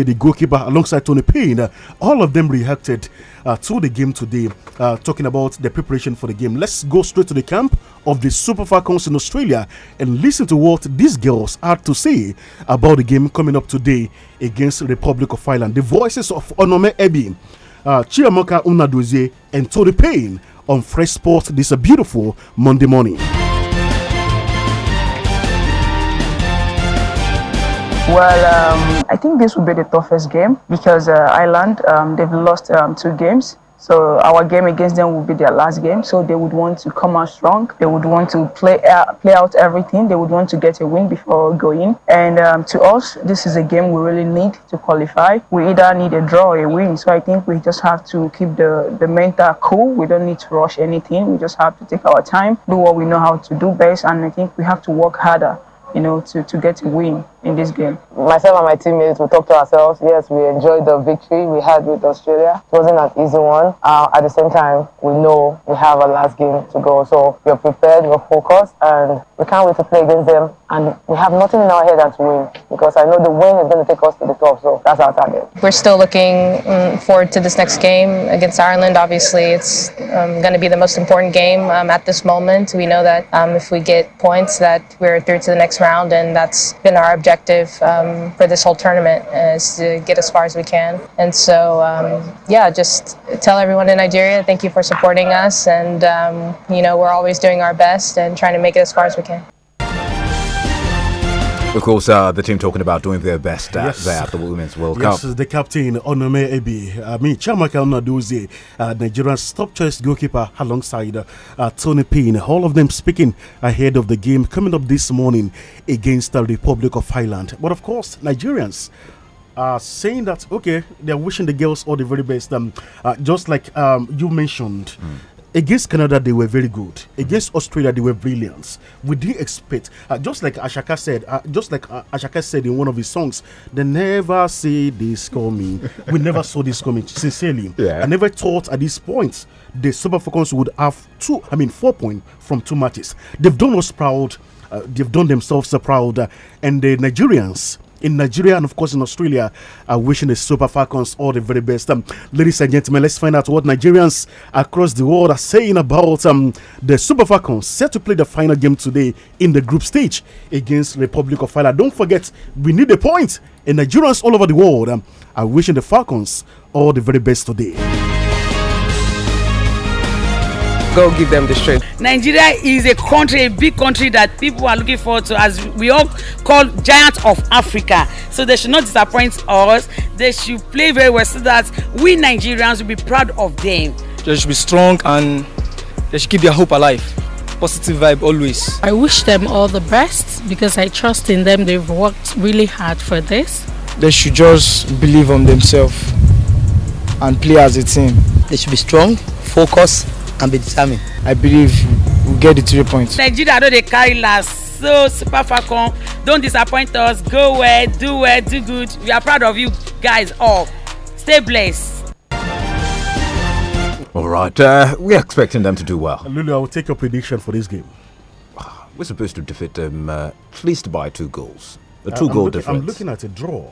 the goalkeeper, alongside Tony Payne, uh, all of them reacted uh, to the game today, uh, talking about the preparation for the game. Let's go straight to the camp of the Super Falcons in Australia and listen to what these girls had to say about the game coming up today against Republic of Ireland. The voices of Onome Ebi, uh, Chiamaka Unadozie, and Tony Payne on Fresh Sport this beautiful Monday morning. Well, um, I think this will be the toughest game because uh, Ireland, um, they've lost um, two games. So our game against them will be their last game. So they would want to come out strong. They would want to play out, uh, play out everything. They would want to get a win before going. And um, to us, this is a game we really need to qualify. We either need a draw or a win. So I think we just have to keep the the mental cool. We don't need to rush anything. We just have to take our time, do what we know how to do best, and I think we have to work harder, you know, to to get a win in this game? Myself and my teammates, we talked to ourselves. Yes, we enjoyed the victory we had with Australia. It wasn't an easy one. Uh, at the same time, we know we have a last game to go. So we're prepared, we're focused, and we can't wait to play against them. And we have nothing in our head than to win because I know the win is going to take us to the top. So that's our target. We're still looking mm, forward to this next game against Ireland. Obviously, it's um, going to be the most important game um, at this moment. We know that um, if we get points, that we're through to the next round, and that's been our objective objective um, for this whole tournament is to get as far as we can. And so, um, yeah, just tell everyone in Nigeria thank you for supporting us, and um, you know we're always doing our best and trying to make it as far as we can of course, uh, the team talking about doing their best at, yes. there at the Women's World yes, Cup. Yes, the captain, Onome Ebi. I uh, mean, Chamaka Naduzi, uh, Nigeria's top choice goalkeeper, alongside uh, Tony Payne. All of them speaking ahead of the game coming up this morning against the Republic of Ireland. But of course, Nigerians uh, saying that okay, they're wishing the girls all the very best. Um, uh, just like um, you mentioned, mm. Against Canada, they were very good. Against Australia, they were brilliant. We did not expect, uh, just like Ashaka said, uh, just like uh, Ashaka said in one of his songs, they never see this coming. we never saw this coming, sincerely. Yeah. I never thought at this point the Super Falcons would have two, I mean, four points from two matches. They've done us proud. Uh, they've done themselves proud. Uh, and the Nigerians, in Nigeria and, of course, in Australia are wishing the Super Falcons all the very best. Um, ladies and gentlemen, let's find out what Nigerians across the world are saying about um, the Super Falcons set to play the final game today in the group stage against Republic of Ireland. Don't forget, we need a point, and Nigerians all over the world um, are wishing the Falcons all the very best today. God give them the strength. Nigeria is a country, a big country that people are looking forward to, as we all call giants of Africa. So they should not disappoint us. They should play very well so that we Nigerians will be proud of them. They should be strong and they should keep their hope alive. Positive vibe always. I wish them all the best because I trust in them. They've worked really hard for this. They should just believe on themselves and play as a team. They should be strong, focused, can be determined. I believe we'll get the three points. Nigeria know they carry last. So Super Falcon, don't disappoint us. Go well, do well, do good. We are proud of you guys all. Stay blessed. All right, uh, we're expecting them to do well. Lulu, I will take your prediction for this game. We're supposed to defeat them uh, at least by two goals. A uh, two-goal difference. I'm looking at a draw.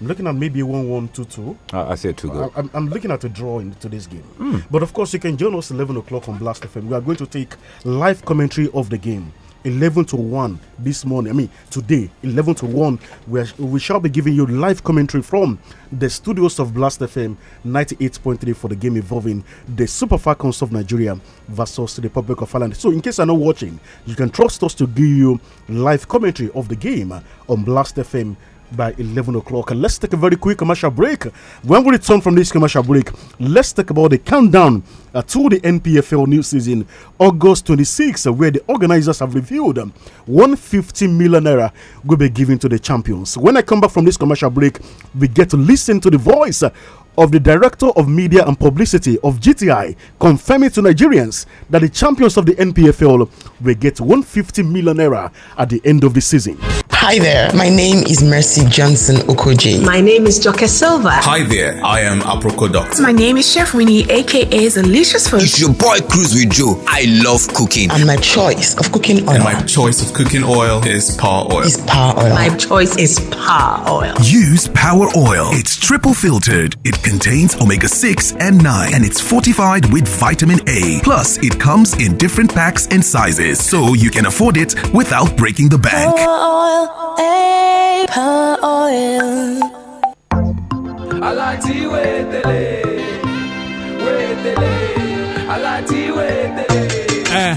I'm looking at maybe 1 1 2 2. Uh, I say 2 goal. I'm, I'm, looking at a draw in today's game. Mm. But of course, you can join us 11 o'clock on Blast FM. We are going to take live commentary of the game. 11 to 1 this morning. I mean, today, 11 to 1, where we shall be giving you live commentary from the studios of Blast FM 98.3 for the game involving the Super Falcons of Nigeria versus the Republic of Ireland. So, in case you're not watching, you can trust us to give you live commentary of the game on Blast FM by 11 o'clock. Let's take a very quick commercial break. When we return from this commercial break, let's talk about the countdown uh, to the NPFL new season, August 26, uh, where the organizers have revealed um, 150 million naira will be given to the champions. When I come back from this commercial break, we get to listen to the voice uh, of the Director of Media and Publicity of GTI confirming to Nigerians that the champions of the NPFL will get 150 million naira at the end of the season. Hi there, my name is Mercy Johnson Okoji. My name is Joke Silva. Hi there, I am Aproko Doctor. My name is Chef Winnie, aka Delicious Food. It's your boy Cruise with Joe. I love cooking. And my choice of cooking oil. And my choice of cooking oil is Power oil. Is Power oil. My choice is Power oil. Use Power Oil. It's triple filtered. It contains omega 6 and 9, and it's fortified with vitamin A. Plus, it comes in different packs and sizes, so you can afford it without breaking the bank. Uh.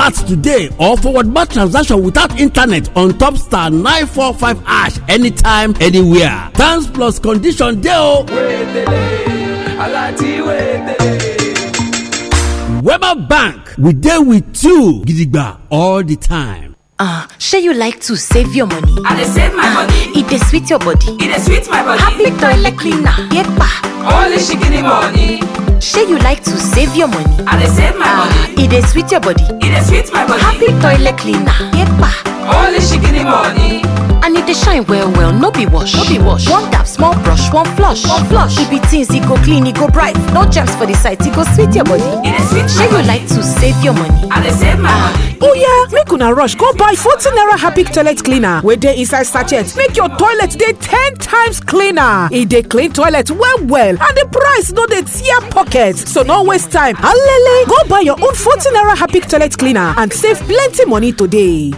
alert today or forward bar transaction without internet on top star 945 ash anytime anywhere thanks plus condition dey o. bank we dey with you gidigba all the time. Uh, say you like to save your money. I dey save my uh, money. It dey sweet your body. It dey sweet my body. Happy toilet cleaner. Yepa. Only shikini money. Say you like to save your money. I dey save my uh, money. It dey sweet your body. It dey sweet my body. Happy toilet cleaner. Yepa. Only shikini money. and e dey shine well well no be wash no be wash one dab small brush one flush one flush e be things e go clean e go bright no germs for the site e go sweet your body e dey sweet shey you like to save your money i dey save my money oh yeah make una rush go buy 40 naira happy toilet cleaner wey dey inside sachet make your toilet dey ten times cleaner e dey clean toilet well well and the price no dey tear pocket so no waste time alele go buy your own 40 naira happy toilet cleaner and save plenty money today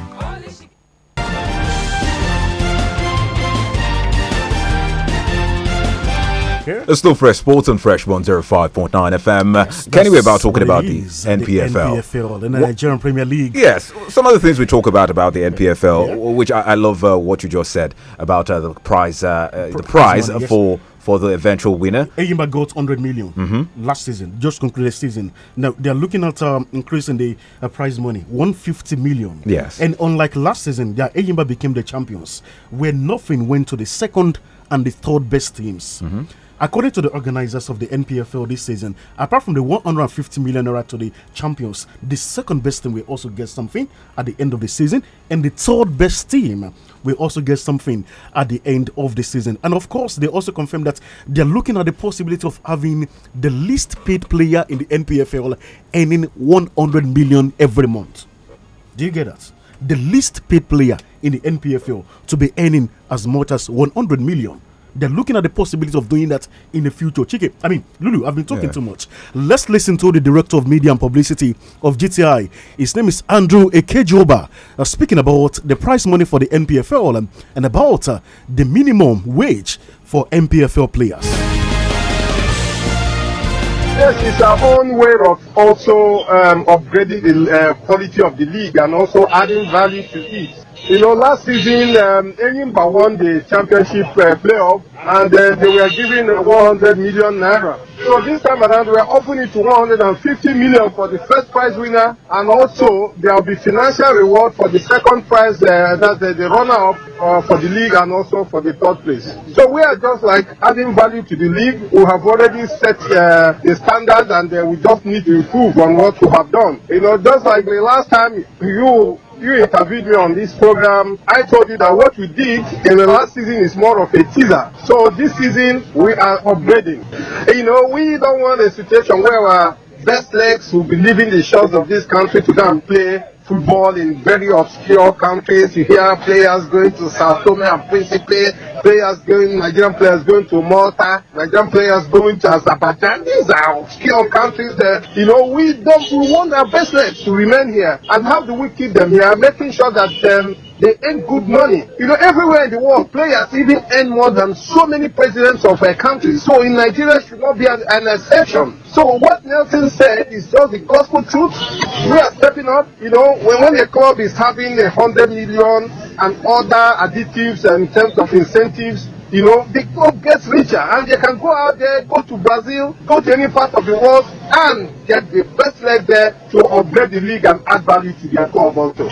Yeah. It's still Fresh Sports and Fresh 105.9 FM. Yes, uh, Kenny, we're about talking about the NPFL. The NPFL, the Nigerian what? Premier League. Yes, some of the things we talk about about the NPFL, yeah. which I, I love uh, what you just said about uh, the prize, uh, uh the prize money, for. Yes for the eventual winner. Eyimba got 100 million mm -hmm. last season, just concluded season. Now they're looking at um, increasing the uh, prize money, 150 million. Yes. And unlike last season, yeah, Eyimba became the champions, where nothing went to the second and the third best teams. Mm -hmm. According to the organizers of the NPFL this season, apart from the 150 million naira to the champions, the second best team will also get something at the end of the season, and the third best team will also get something at the end of the season. And of course, they also confirmed that they're looking at the possibility of having the least paid player in the NPFL earning 100 million every month. Do you get that? The least paid player in the NPFL to be earning as much as 100 million they're looking at the possibility of doing that in the future. Chike, I mean, Lulu, I've been talking yeah. too much. Let's listen to the director of media and publicity of GTI. His name is Andrew Ekejoba, uh, speaking about the prize money for the NPFL and, and about uh, the minimum wage for NPFL players. Yes, it's our own way of also um, upgrading the uh, quality of the league and also adding value to it. You know, last season, um, Enyimba won the championship uh, playoff and uh, they were given 100 million naira. So this time around, we are offering it to 150 million for the first prize winner and also there will be financial reward for the second prize, uh, that's uh, the runner-up uh, for the league and also for the third place. So we are just like adding value to the league. We have already set uh, the standard and uh, we just need to improve on what we have done. You know, just like the last time you you interviewed me on this program, I told you that what we did in the last season is more of a teaser. So this season, we are upgrading. You know, we don't want a situation where our best legs will be leaving the shores of this country to go and play football in very obscure countries. You hear players going to Sao Tome and Principe, players going, Nigerian players going to Malta, Nigerian players going to Azerbaijan. These are obscure countries that, you know, we don't, we want our best to remain here and how do we keep them here, making sure that um, They earn good money. You know, everywhere in the world, players even earn more than so many presidents of a country. So in Nigeria should not be an, exception. So what Nelson said is just the gospel truth. We are stepping up. You know, when, when a club is having a hundred million and other additives in terms of incentives, you know, the club gets richer and they can go out there, go to Brazil, go to any part of the world and get the best leg there to upgrade the league and add value to their club also.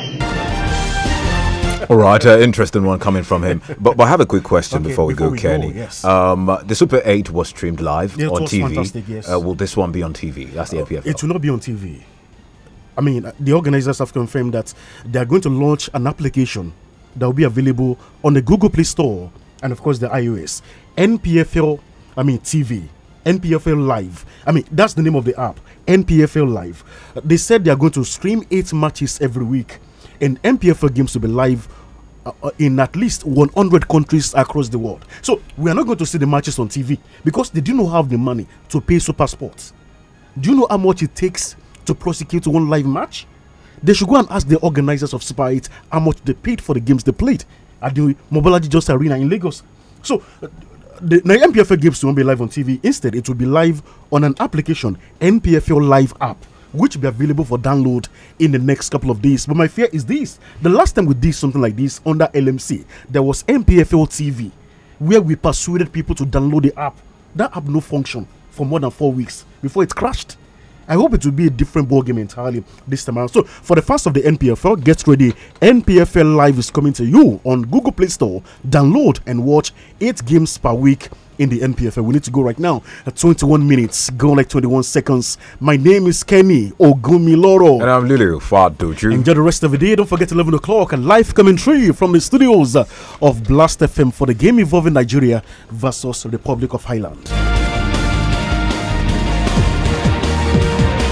All right, uh, interesting one coming from him. But, but I have a quick question okay, before we before go, we Kenny. Go, yes. um, the Super 8 was streamed live on TV. Yes. Uh, will this one be on TV? That's the uh, It will not be on TV. I mean, uh, the organizers have confirmed that they are going to launch an application that will be available on the Google Play Store and, of course, the iOS. NPFL, I mean, TV. NPFL Live. I mean, that's the name of the app. NPFL Live. They said they are going to stream eight matches every week and MPFL games will be live uh, uh, in at least 100 countries across the world. So we are not going to see the matches on TV because they do not have the money to pay Super Sports. Do you know how much it takes to prosecute one live match? They should go and ask the organizers of Super 8 how much they paid for the games they played at the Mobolaji Just Arena in Lagos. So uh, the, the NPFL games won't be live on TV. Instead, it will be live on an application, MPFL Live app which will be available for download in the next couple of days. But my fear is this the last time we did something like this under LMC, there was MPFL TV where we persuaded people to download the app. That app no function for more than four weeks before it crashed. I hope it will be a different ballgame entirely this time around. So for the first of the NPFL, get ready. NPFL Live is coming to you on Google Play Store. Download and watch eight games per week in the NPFL. We need to go right now at 21 minutes, go like 21 seconds. My name is Kenny Ogumiloro. And I'm Lulu Fadoju. Enjoy the rest of the day. Don't forget 11 o'clock and live commentary from the studios of Blast FM for the game involving Nigeria versus Republic of Highland.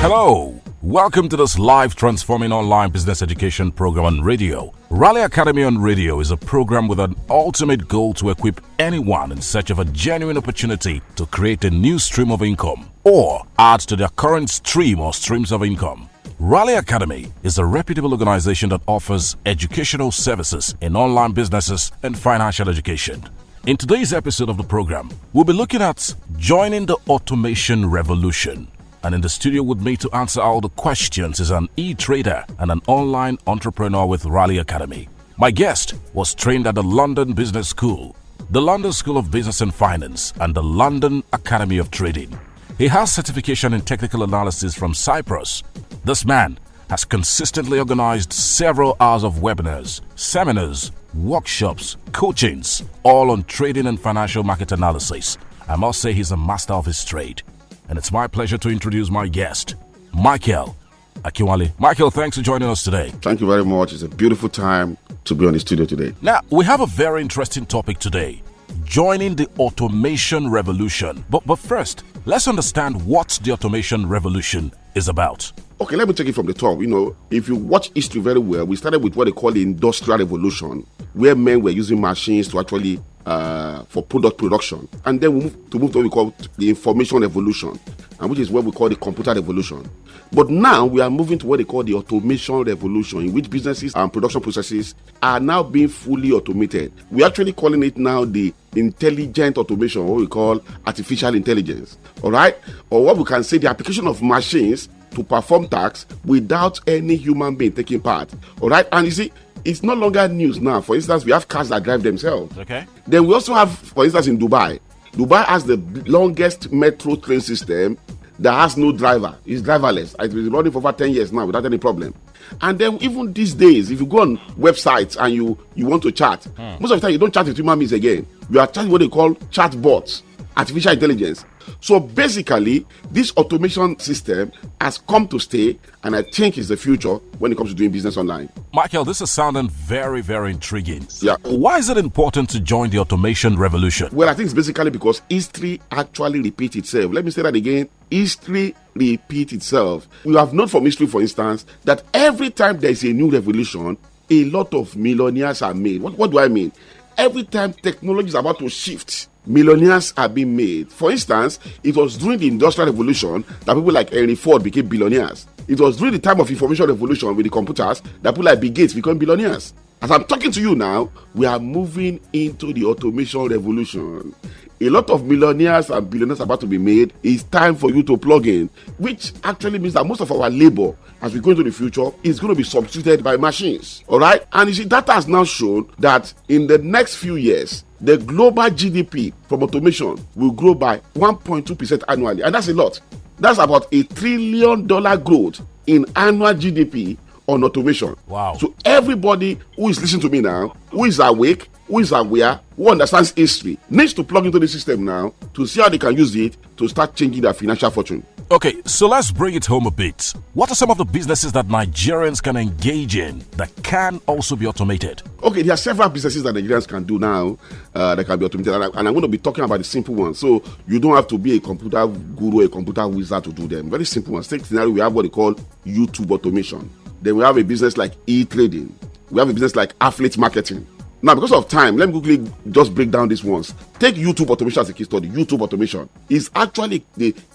Hello. Welcome to this live Transforming Online Business Education program on radio. Raleigh Academy on Radio is a program with an ultimate goal to equip anyone in search of a genuine opportunity to create a new stream of income or add to their current stream or streams of income. Rally Academy is a reputable organization that offers educational services in online businesses and financial education. In today's episode of the program, we'll be looking at joining the automation revolution. And in the studio with me to answer all the questions is an e-trader and an online entrepreneur with Raleigh Academy. My guest was trained at the London Business School, the London School of Business and Finance, and the London Academy of Trading. He has certification in technical analysis from Cyprus. This man has consistently organized several hours of webinars, seminars, workshops, coachings, all on trading and financial market analysis. I must say he's a master of his trade and it's my pleasure to introduce my guest, Michael Akiwale. Michael, thanks for joining us today. Thank you very much. It's a beautiful time to be on the studio today. Now, we have a very interesting topic today joining the automation revolution. But, but first, let's understand what the automation revolution is about. Okay, let me take it from the top. You know, if you watch history very well, we started with what they call the industrial revolution, where men were using machines to actually uh, for product production, and then we move to move to what we call the information revolution, and which is what we call the computer revolution. But now we are moving to what they call the automation revolution, in which businesses and production processes are now being fully automated. We're actually calling it now the intelligent automation, what we call artificial intelligence. All right, or what we can say the application of machines to perform tasks without any human being taking part. All right, and you see, it's no longer news now. For instance, we have cars that drive themselves. Okay. Then we also have, for instance, in Dubai, Dubai has the longest metro train system that has no driver. It's driverless. It's been running for over 10 years now without any problem. And then even these days, if you go on websites and you you want to chat, hmm. most of the time you don't chat with human beings again. You are chatting what they call chat bots, artificial intelligence. So basically, this automation system has come to stay, and I think is the future when it comes to doing business online. Michael, this is sounding very, very intriguing. Yeah. Why is it important to join the automation revolution? Well, I think it's basically because history actually repeats itself. Let me say that again. History repeats itself. We have known from history, for instance, that every time there is a new revolution, a lot of millionaires are made. What, what do I mean? Every time technology is about to shift, millionaires are being made. For instance, it was during the Industrial Revolution that people like Henry Ford became billionaires. It was during the time of Information Revolution with the computers that people like Bill Gates became billionaires. As I'm talking to you now, we are moving into the automation revolution. A lot of millionaires and billionaires are about to be made. It's time for you to plug in, which actually means that most of our labor as we go into the future is going to be substituted by machines. All right? And you see, that has now shown that in the next few years, the global GDP from automation will grow by 1.2% annually. And that's a lot. That's about a trillion dollar growth in annual GDP on automation. Wow. So everybody who is listening to me now, who is awake, who is aware, who understands history, needs to plug into the system now to see how they can use it to start changing their financial fortune. Okay, so let's bring it home a bit. What are some of the businesses that Nigerians can engage in that can also be automated? Okay, there are several businesses that Nigerians can do now uh, that can be automated, and, I, am going to be talking about the simple ones. So you don't have to be a computer guru, a computer wizard to do them. Very simple ones. Take scenario, we have what we call YouTube automation. Then we have a business like e-trading. We have a business like affiliate marketing now, because of time, let me quickly just break down this ones. Take YouTube automation as a case study. YouTube automation is actually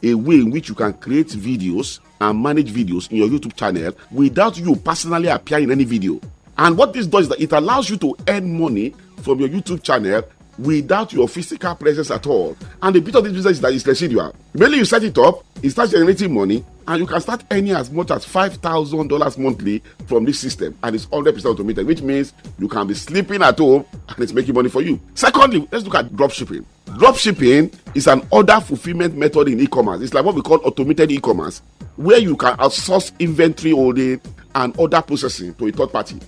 a way in which you can create videos and manage videos in your YouTube channel without you personally appearing in any video. And what this does is that it allows you to earn money from your YouTube channel without your physical presence at all. And the beauty of this business is that it's residual. Mainly you set it up, it starts generating money, and you can start earning as much as $5,000 monthly from this system. And it's 100% automated, which means you can be sleeping at home and it's making money for you. Secondly, let's look at dropshipping. Dropshipping is an order fulfillment method in e commerce. It's like what we call automated e commerce, where you can outsource inventory holding and order processing to a third party.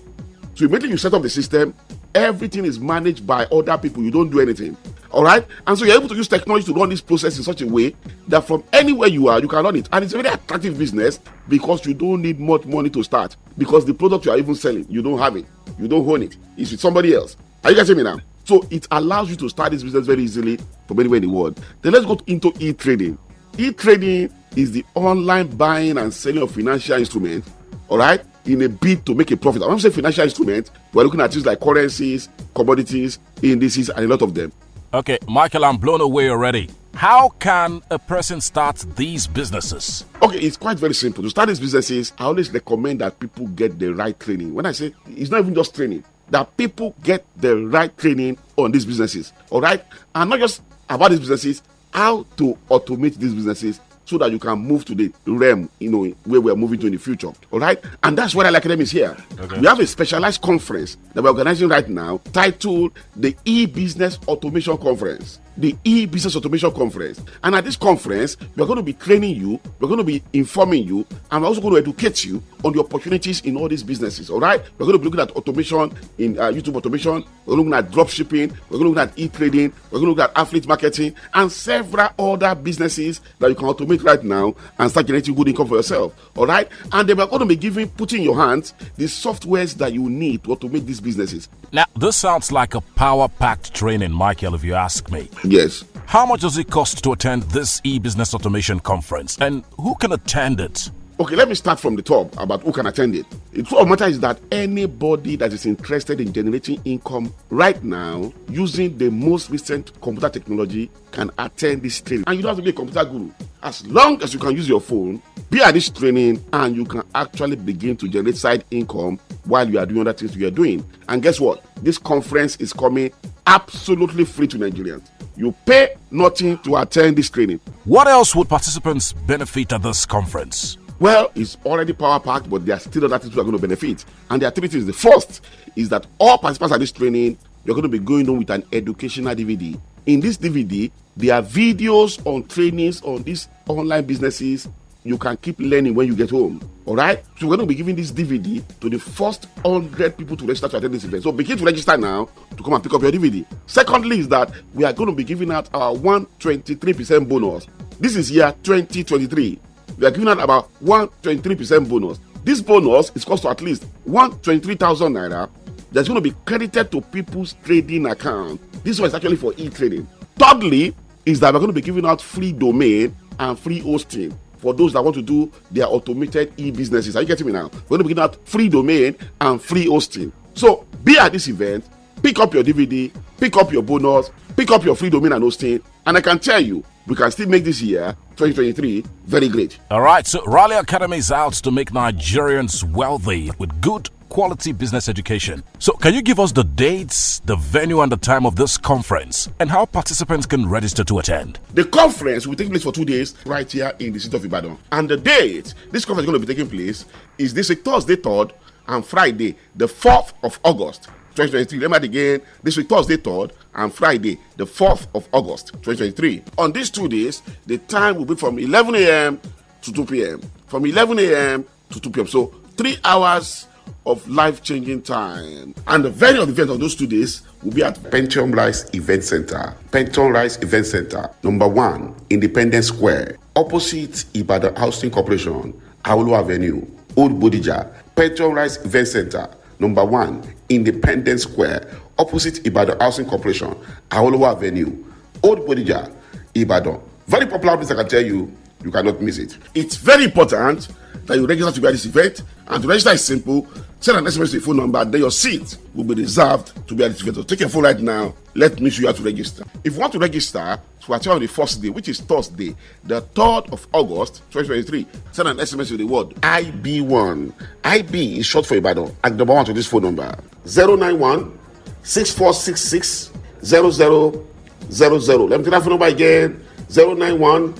So immediately you set up the system, Everything is managed by other people. You don't do anything. All right. And so you're able to use technology to run this process in such a way that from anywhere you are, you can run it. And it's a very attractive business because you don't need much money to start because the product you are even selling, you don't have it. You don't own it. It's with somebody else. Are you getting me now? So it allows you to start this business very easily from anywhere in the world. Then let's go into e trading. E trading is the online buying and selling of financial instruments, all right, in a bid to make a profit. I'm saying financial instruments. we're looking at things like currencies, commodities, indices, and a lot of them. Okay, Michael, I'm blown away already. How can a person start these businesses? Okay, it's quite very simple. To start these businesses, I always recommend that people get the right training. When I say it's not even just training, that people get the right training on these businesses. All right? And not just about these businesses, how to automate these businesses so that you can move to the realm, you know, where we're moving to in the future. All right. And that's why Academy is here. Okay. We have a specialized conference that we're organizing right now titled the e-business automation conference the e-business automation conference. And at this conference, we're going to be training you, we're going to be informing you, and we're also going to educate you on the opportunities in all these businesses. All right, we're going to be looking at automation in uh, YouTube automation. We're looking at drop shipping. We're looking at e-trading. We're looking at affiliate marketing and several other businesses that you can automate right now and start generating good income for yourself. All right, and then we're going to be giving, putting your hands the softwares that you need to automate these businesses. Now, this sounds like a power-packed training, Michael. If you ask me. Yes. How much does it cost to attend this e-business automation conference and who can attend it? Okay, let me start from the top about who can attend it. The truth of matter is that anybody that is interested in generating income right now using the most recent computer technology can attend this training. And you don't have to be a computer guru. As long as you can use your phone, be at this training, and you can actually begin to generate side income while you are doing other things you are doing. And guess what? This conference is coming absolutely free to Nigerians. You pay nothing to attend this training. What else would participants benefit at this conference? Well, it's already power packed, but there are still other things we are going to benefit. And the activity is the first is that all participants at this training, you're going to be going on with an educational DVD. In this DVD, there are videos on trainings on these online businesses you can keep learning when you get home. All right. So we're going to be giving this DVD to the first hundred people to register to attend this event. So begin to register now to come and pick up your DVD. Secondly, is that we are going to be giving out our 123% bonus. This is year 2023. We are giving out about 123% bonus. This bonus is cost to at least 123,000 naira. That's going to be credited to people's trading account. This one is actually for e-trading. Thirdly, is that we're going to be giving out free domain and free hosting for those that want to do their automated e-businesses. Are you getting me now? We're going to begin at free domain and free hosting. So be at this event, pick up your DVD, pick up your bonus, pick up your free domain and hosting, and I can tell you we can still make this year 2023 very great. All right, so Raleigh Academy is out to make Nigerians wealthy with good quality business education. So, can you give us the dates, the venue, and the time of this conference, and how participants can register to attend? The conference will take place for two days right here in the city of Ibadan. And the date this conference is going to be taking place is this week, Thursday, 3rd, and Friday, the 4th of August. 2023. Remember again, this week, Thursday, 3rd, and Friday, the 4th of August, 2023. On these two days, the time will be from 11 a.m. to 2 p.m. From 11 a.m. to 2 p.m. So, three hours of life-changing time. And the venue of the event of those two days will be at Pentium Rise Event Center. Pentium Rise Event Center, number one, Independence Square, opposite Ibadan Housing Corporation, Aulu Avenue, Old Bodija. Pentium Rise Event Center, number one, Independence Square, opposite Ibadan Housing Corporation, Aulu Avenue, Old Bodija, Ibadan. Very popular place, I can tell you. You cannot miss it. It's very important that you register to be at this event. And to register is simple. Send an SMS to your phone number, then your seat will be reserved to be at this event. So take your phone right now. Let me show you how to register. If you want to register to attend on the first day, which is Thursday, the third of August 2023, send an SMS with the word IB1. IB is short for Ibadan. And number one to this phone number 091 6466 0000. Let me take that phone number again 091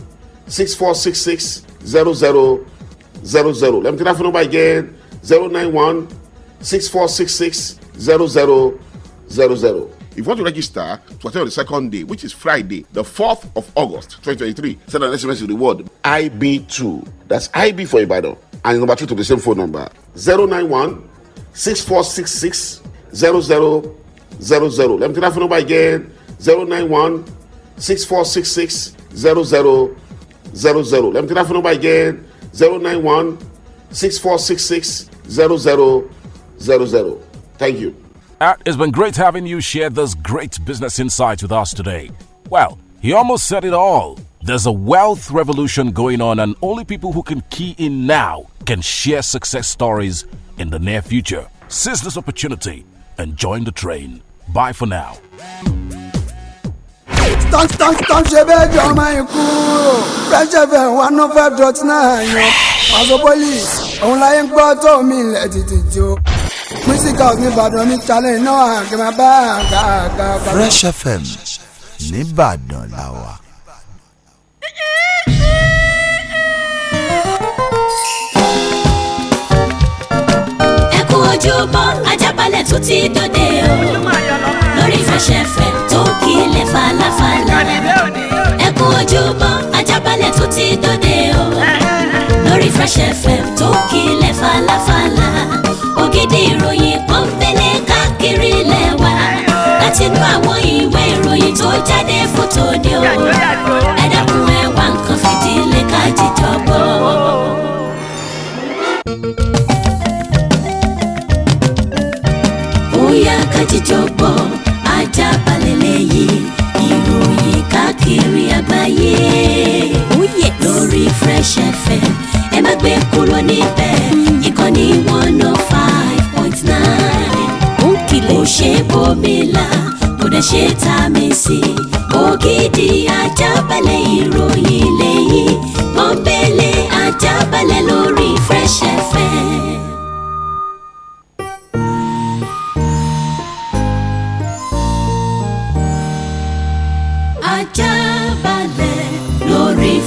6466 0000. Zero zero. Let me take that phone number again Zero nine one six four six six zero zero zero zero. If you want to register to attend on the second day, which is Friday, the 4th of August 2023, send an SMS to the word IB2. That's IB for Ibadan. And number two to the same phone number 091 Let me take that phone number again 091 6466 0000. Let me take that phone number again 091 6466 0000. Thank you. Uh, it's been great having you share this great business insights with us today. Well, he almost said it all. There's a wealth revolution going on, and only people who can key in now can share success stories in the near future. Seize this opportunity and join the train. Bye for now. tán ṣe bẹ́ẹ̀ jọ ọmọ Fresh FM one oh five dot nine yan Paso Police òun láyé ń gbọ́ tó mi ilẹ̀ tètè jó music house Ìbàdàn ní challenge náà àgbẹ̀mọ̀ bá àgbà àgbà. Fresh FM nìbàdàn làwà. ẹ kú ojúbọ Ajaabale tó ti dòde o lórí Fresh FM tó kílẹ̀ falafala ẹ kú ojúmọ́ ajábalẹ̀ tó ti dòde o lórí Fresh FM tó kílẹ̀ falafala ògidì ìròyìn kan fẹlẹ káàkiri lẹwa láti inú àwọn ìwé ìròyìn tó jáde fótó ni o ẹ dákun ẹ wá nǹkan fìdílé Ajaabale lẹ́yìn ìròyìn káàkiri àgbáyé. Ó oh yẹ lórí Fresh FM ẹ má gbé kúrò níbẹ̀ ìkànnì one oh five point nine. Ó kìlẹ̀ kò ṣe bòmílà kò dẹ̀ ṣe tá a mi sí. Ògidì Ajaabale ìròyìn lẹ́yìn pọ́npẹ́lẹ́ Ajaabale lórí Fresh FM.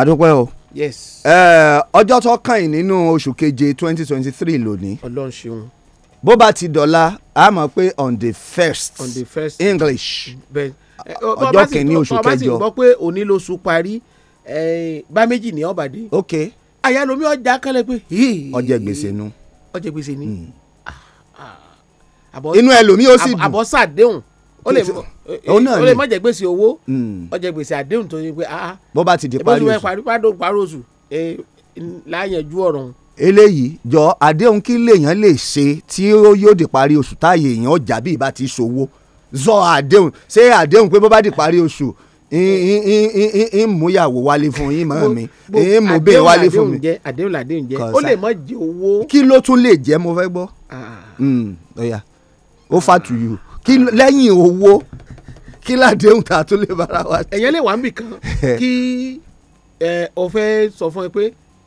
àdúpẹ́ o yes. ọjọ́ tó kàn yín nínú oṣù keje twenty twenty three lónìí. ọlọ́run ṣeun. bó bá ti dọ̀la a mọ̀ pé on the first on the first english ọjọ́ kìíní oṣù kẹjọ. ọba ti gbọ́ pé òní lóṣù parí bá méjì ní ọ̀bàdì. ok àyàlómi ọjà kẹlẹ pé. ọjẹ gbèsè nu. ọjẹ gbèsè ni. Hmm. Ah, ah. inú ẹlòmíì ó sì dùn. àbọ̀sàdéhùn ó lè mọ̀ ó náà ni ó lè má jẹ gbèsè owó hmm. ó jẹ gbèsè àdéhùn tó yẹ pé ah. ah. bó bá ti di parí oṣù ìbáṣepọ̀ parí parí oṣù láyẹ̀jú ọ̀rọ̀ eléyìí jọ àdéhùn kí lèèyàn lè ṣe tí ó yóò di parí oṣù táyé èèyàn ọjà bí ìbá ti ṣòwò zọ àdéhùn ṣé àdéhùn pé bó bá di parí oṣù ń múyàwó wálé fún yín mọ́ mi ń mú bẹ́ẹ̀ wálé fún mi. àdéhùn làdéhùn jẹ ó lè má jẹ owó. kí ló tún lè jẹ mo fẹ́ gbọ́ ah. hmm, ó fà tù yù lẹ́yìn owó kí ládéhùn tá a tún lè bára wa. ẹ̀yẹ́ lè wà ń bì kan kí ọ fẹ́ sọ fún ẹ pé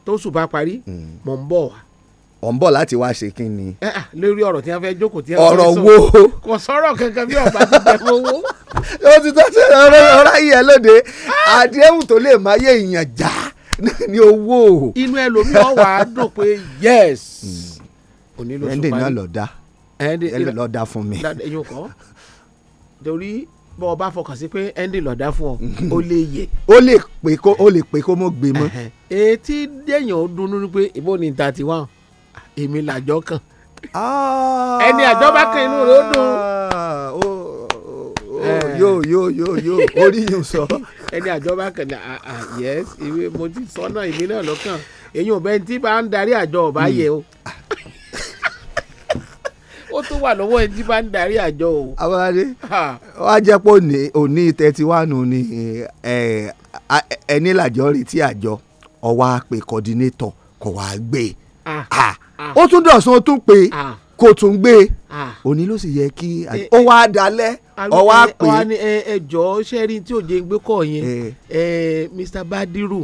tó sùn bá parí mọ̀ hmm. ń bọ̀ wá ọ̀ ń bọ̀ láti wá ṣe kí ni. Eh, ah, lórí ọ̀rọ̀ tí wọ́n fẹ́ jókòó tí wọ́n fẹ́ sọ ọ̀rọ̀ wo. kò sọ̀rọ̀ kankan bí ọba ti bẹ̀ owó. ó ti tọ́ sí ọ̀rọ̀ ọ̀rọ̀ ayé ẹ lóde ah! àdéhùn tó lè máa yé èèyàn já ní owó. inú ẹlòmíì ọ̀wà á dùn pé yes. onílò sùpàrì ẹ̀ndì náà lọ́ọ́ da ẹ̀ndì lọ́ọ́ da fún mi. ẹ̀yin kọ́ torí bọ́ ọ bá fọkàn sí pé ending lọ́dá fún ọ ó lè yẹ. ó lè pé kó ó lè pé kó mọ̀ gbé mọ́. etí dẹ̀yàn ó dunnú ni pé ìbò ní thirty one èmi làjọ kan ah. ẹni àjọ bá kan inú rẹ̀ ó dùn yóò yóò yóò yóò orí yóò sọ. ẹni àjọ bá kàn ní ah, ah, yes ìwé mo ti sọ náà ìmí náà lọ́kàn èyí ò bẹ́ẹ̀ tí bá ń darí àjọ ọ̀bá hmm. yẹ o wà lọ́wọ́ ẹni tí bá ń darí àjọ o. abọ́ládé wàá jẹ́ pé òní thirty one ni ẹni làjọ retí àjọ ọwọ́ àpè coordinator kò wá gbé ah. Ah. ó tún dọ̀sán tún pé ah. kò tún gbé òní ló sì yẹ kí eh, eh, ó wá dalẹ̀ ó wá pè. ọwọ́ ni ẹ jọ sẹ́rí tí òjé ń gbé kọ̀ yẹn eh. Mr. Badiru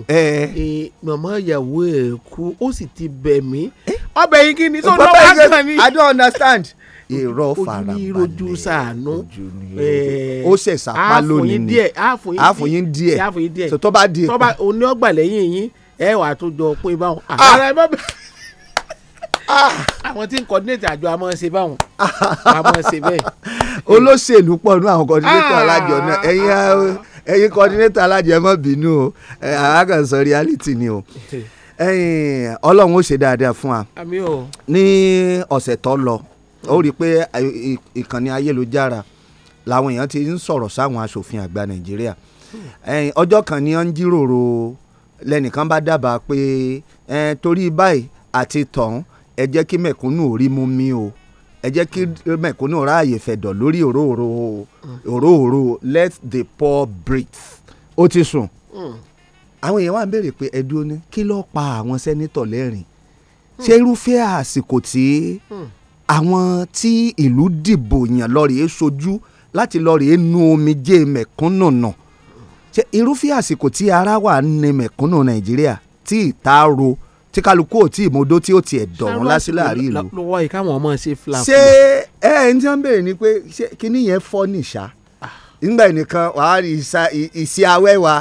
màmá ìyàwó ẹ̀ kú ó sì ti bẹ̀ mí ọbẹ̀ yìí kí ni sọ lọ́wọ́ kan ni. I don't understand irọ́ farabalẹ̀ ojú ni rojú sànú eh, ó ṣẹ̀ sápá lónìí ni àfòyín díẹ̀ tó bá di èkó. òní ọgbà lẹ́yìn yín ẹ wàá tó jọ pé báwọn. ara ah! ẹ bá bẹ ah! àwọn tí ń coordinate àjọ àmọ́ ṣe báwọn àmọ́ ṣe bẹ́ẹ̀. olóṣèlú pọ̀ nú àwọn coordinator ah! alájọ náà ẹ̀yin ẹ̀yin coordinator alájọ ẹ má bínú o àwa kàn sọ reality ni o ọlọ́run ó ṣe dáadáa fún wa ní ọ̀sẹ̀ tó lọ ó rí i pé ìkànnì ayélujára làwọn èèyàn ti ń sọ̀rọ̀ sáwọn aṣòfin àgbà nàìjíríà ọjọ́ kan ni wọ́n ń jíròrò lẹ́nìkan bá dábàá pé torí báyìí àti tọ̀hún ẹ jẹ́ kí mẹ̀kúnnù orí mú mi o ẹ jẹ́ kí mẹ̀kúnnù ráàyè fẹ̀dọ̀ lórí òróòro let the poor breathe ó ti sùn hmm. àwọn èèyàn wá ń béèrè pé ẹdúró ní kí ló pa àwọn sẹ́nítọ̀ lẹ́rìn hmm. ṣé irúfẹ́ àsìkò tí hmm àwọn tí ìlú dìbò yàn lọ rèé sojú láti lọ rèé nu omijé mẹ̀kúnnù nà ṣe irúfẹ́ àsìkò tí ara wà ní mẹ̀kúnnù nàìjíríà tí ìta ro tí kálukú ò tí ìmọdó tí ó tiẹ̀ dọ̀rùn lásì láàrin ìlú. lọ́wọ́ yìí káwọn ọmọ ṣe fila. ṣé ẹ ẹ ní tí wọ́n béèrè ni pé ṣé kíní yẹn fọ́ nìṣá ah. nígbà nìkan wàá rí ìsí awẹ́ wa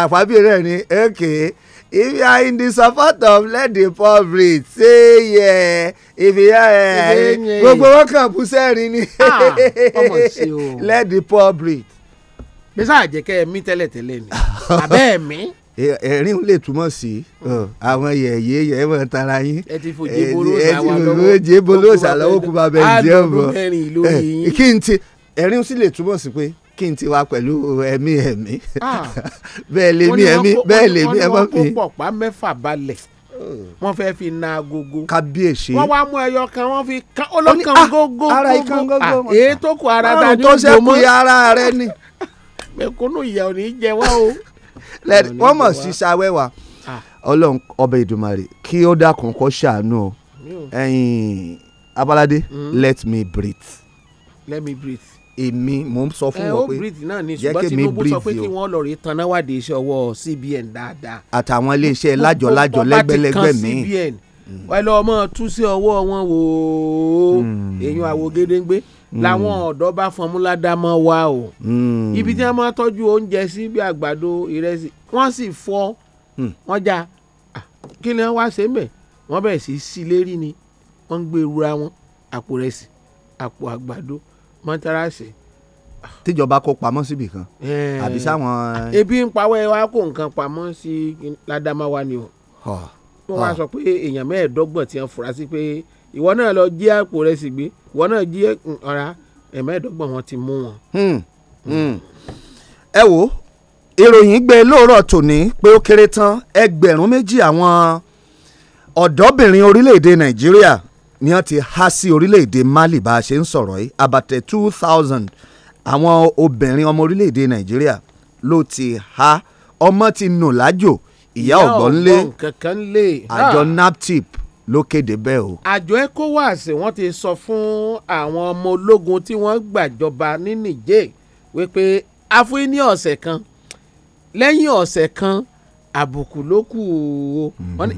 àfábíyẹ̀rẹ̀ ni èké. Okay if you are in the support of let the poor public say yeah if you are eh, eh, gbogbo wọn kàn bú sẹ́rin ni ah, let the poor public. bísí àjẹkẹ́ ẹ̀mí tẹ́lẹ̀tẹ́lẹ̀ ni àbẹ́ ẹ̀mí eh, ẹ̀rín lè túmọ̀ sí hmm. àwọn yẹ̀yẹ́ yẹ̀ mọ̀ tara yín ẹ ti fòjì bolóòsà lọ́wọ́ kú bàbá ẹ̀ jẹ́ ọ̀bọ̀ kí n ti ẹ̀rín sì lè túmọ̀ sí pé kí n ti wá pẹ̀lú ẹ̀mí ẹ̀mí ah. bẹ́ẹ̀ lè mí ẹ̀mí bẹ́ẹ̀ lè mí ẹ̀mọ́ mi. wọ́n ní wọ́n kó pọ̀pá mẹ́fà balẹ̀ oh. wọ́n fẹ́ fi na agogo. kábíyèsí. wọ́n wá mú ẹyọ kan wọ́n fi kan olókan ah, gógó. ara ikan gógó. Ah, èyí tó kù ara dájú ló ọ̀run tó ṣẹ́kù ya ara rẹ ni. mẹ̀kúnnù ìyà ò ní jẹ wá o. wọ́n mọ̀ sí sawẹ́wà ọlọ́run ọba ìdùmarè kí ó dákun kó ṣàánú o abalade hmm. let me breathe. let me breathe èmi mò ń sọ fún wọn pé jẹ́ kí mi breathe o. ṣùgbọ́n Tinubu sọ pé kí wọ́n lọ rí tanáwádìí iṣẹ́ ọwọ́ CBN dáadáa. àtàwọn iléeṣẹ́ lájọlájọ lẹ́gbẹ̀lẹ́gbẹ̀ mi. wọ́n mm. lọ ọmọ tú sí ọwọ́ wọn wò ó mm. èèyàn àwògedengbe mm. làwọn ọ̀dọ́ bá fọmúládá mọ́ wa o. ibi tí wọ́n máa tọ́jú oúnjẹ sí bí àgbàdo ìrẹsì wọ́n sì fọ́ wọ́n já kí ni wọ́n wá ṣe mẹ́ wọ́n bẹ̀rẹ̀ sí sílérí ni wọ́n ń gbèrú ra wọn àpò ìrẹsì àpò àgbàdo mọ́tàràsì. tíjọba kó pamọ́ síbì kan àbí sáwọn. ebi ń pawọ́ ẹ wá kó nǹkan pamọ́ sí ládàmáwa ni o wọ́n wá sọ pé èèyàn mẹ́ẹ̀ẹ́dọ́gbọ̀n ti hàn fura sí pé ìwọ náà lọ jí àpò rẹ̀ sì gbé ìwọ náà jí ọ̀rá ẹ̀mẹ́ẹ̀ẹ́dọ́gbọ̀n wọn ti mú wọn. Hmm, hmm. ẹ wo ìròyìn gbé lóòrọ̀ tòní pé ó kéré tán ẹgbẹ̀rún méjì àwọn ọ̀dọ́bìnrin orílẹ̀-èdè nàìjíríà ni wọ́n ti há sí orílẹ̀-èdè Mali bá a ṣe ń sọ̀rọ̀ yìí abatẹ two thousand àwọn obìnrin ọmọ orílẹ̀-èdè Nàìjíríà ló ti há ọmọ ti nù lájò ìyá ọ̀gbọ́nlé àjọ ah. naptip ló kéde bẹ́ẹ̀ o. àjọ ECOWAS wọ́n ti sọ fún àwọn ọmọ ológun tí wọ́n gbàjọba ní Niger wípé a fún ní ọ̀sẹ̀ kan lẹ́yìn ọ̀sẹ̀ kan àbùkù ló kù o wọ́n ní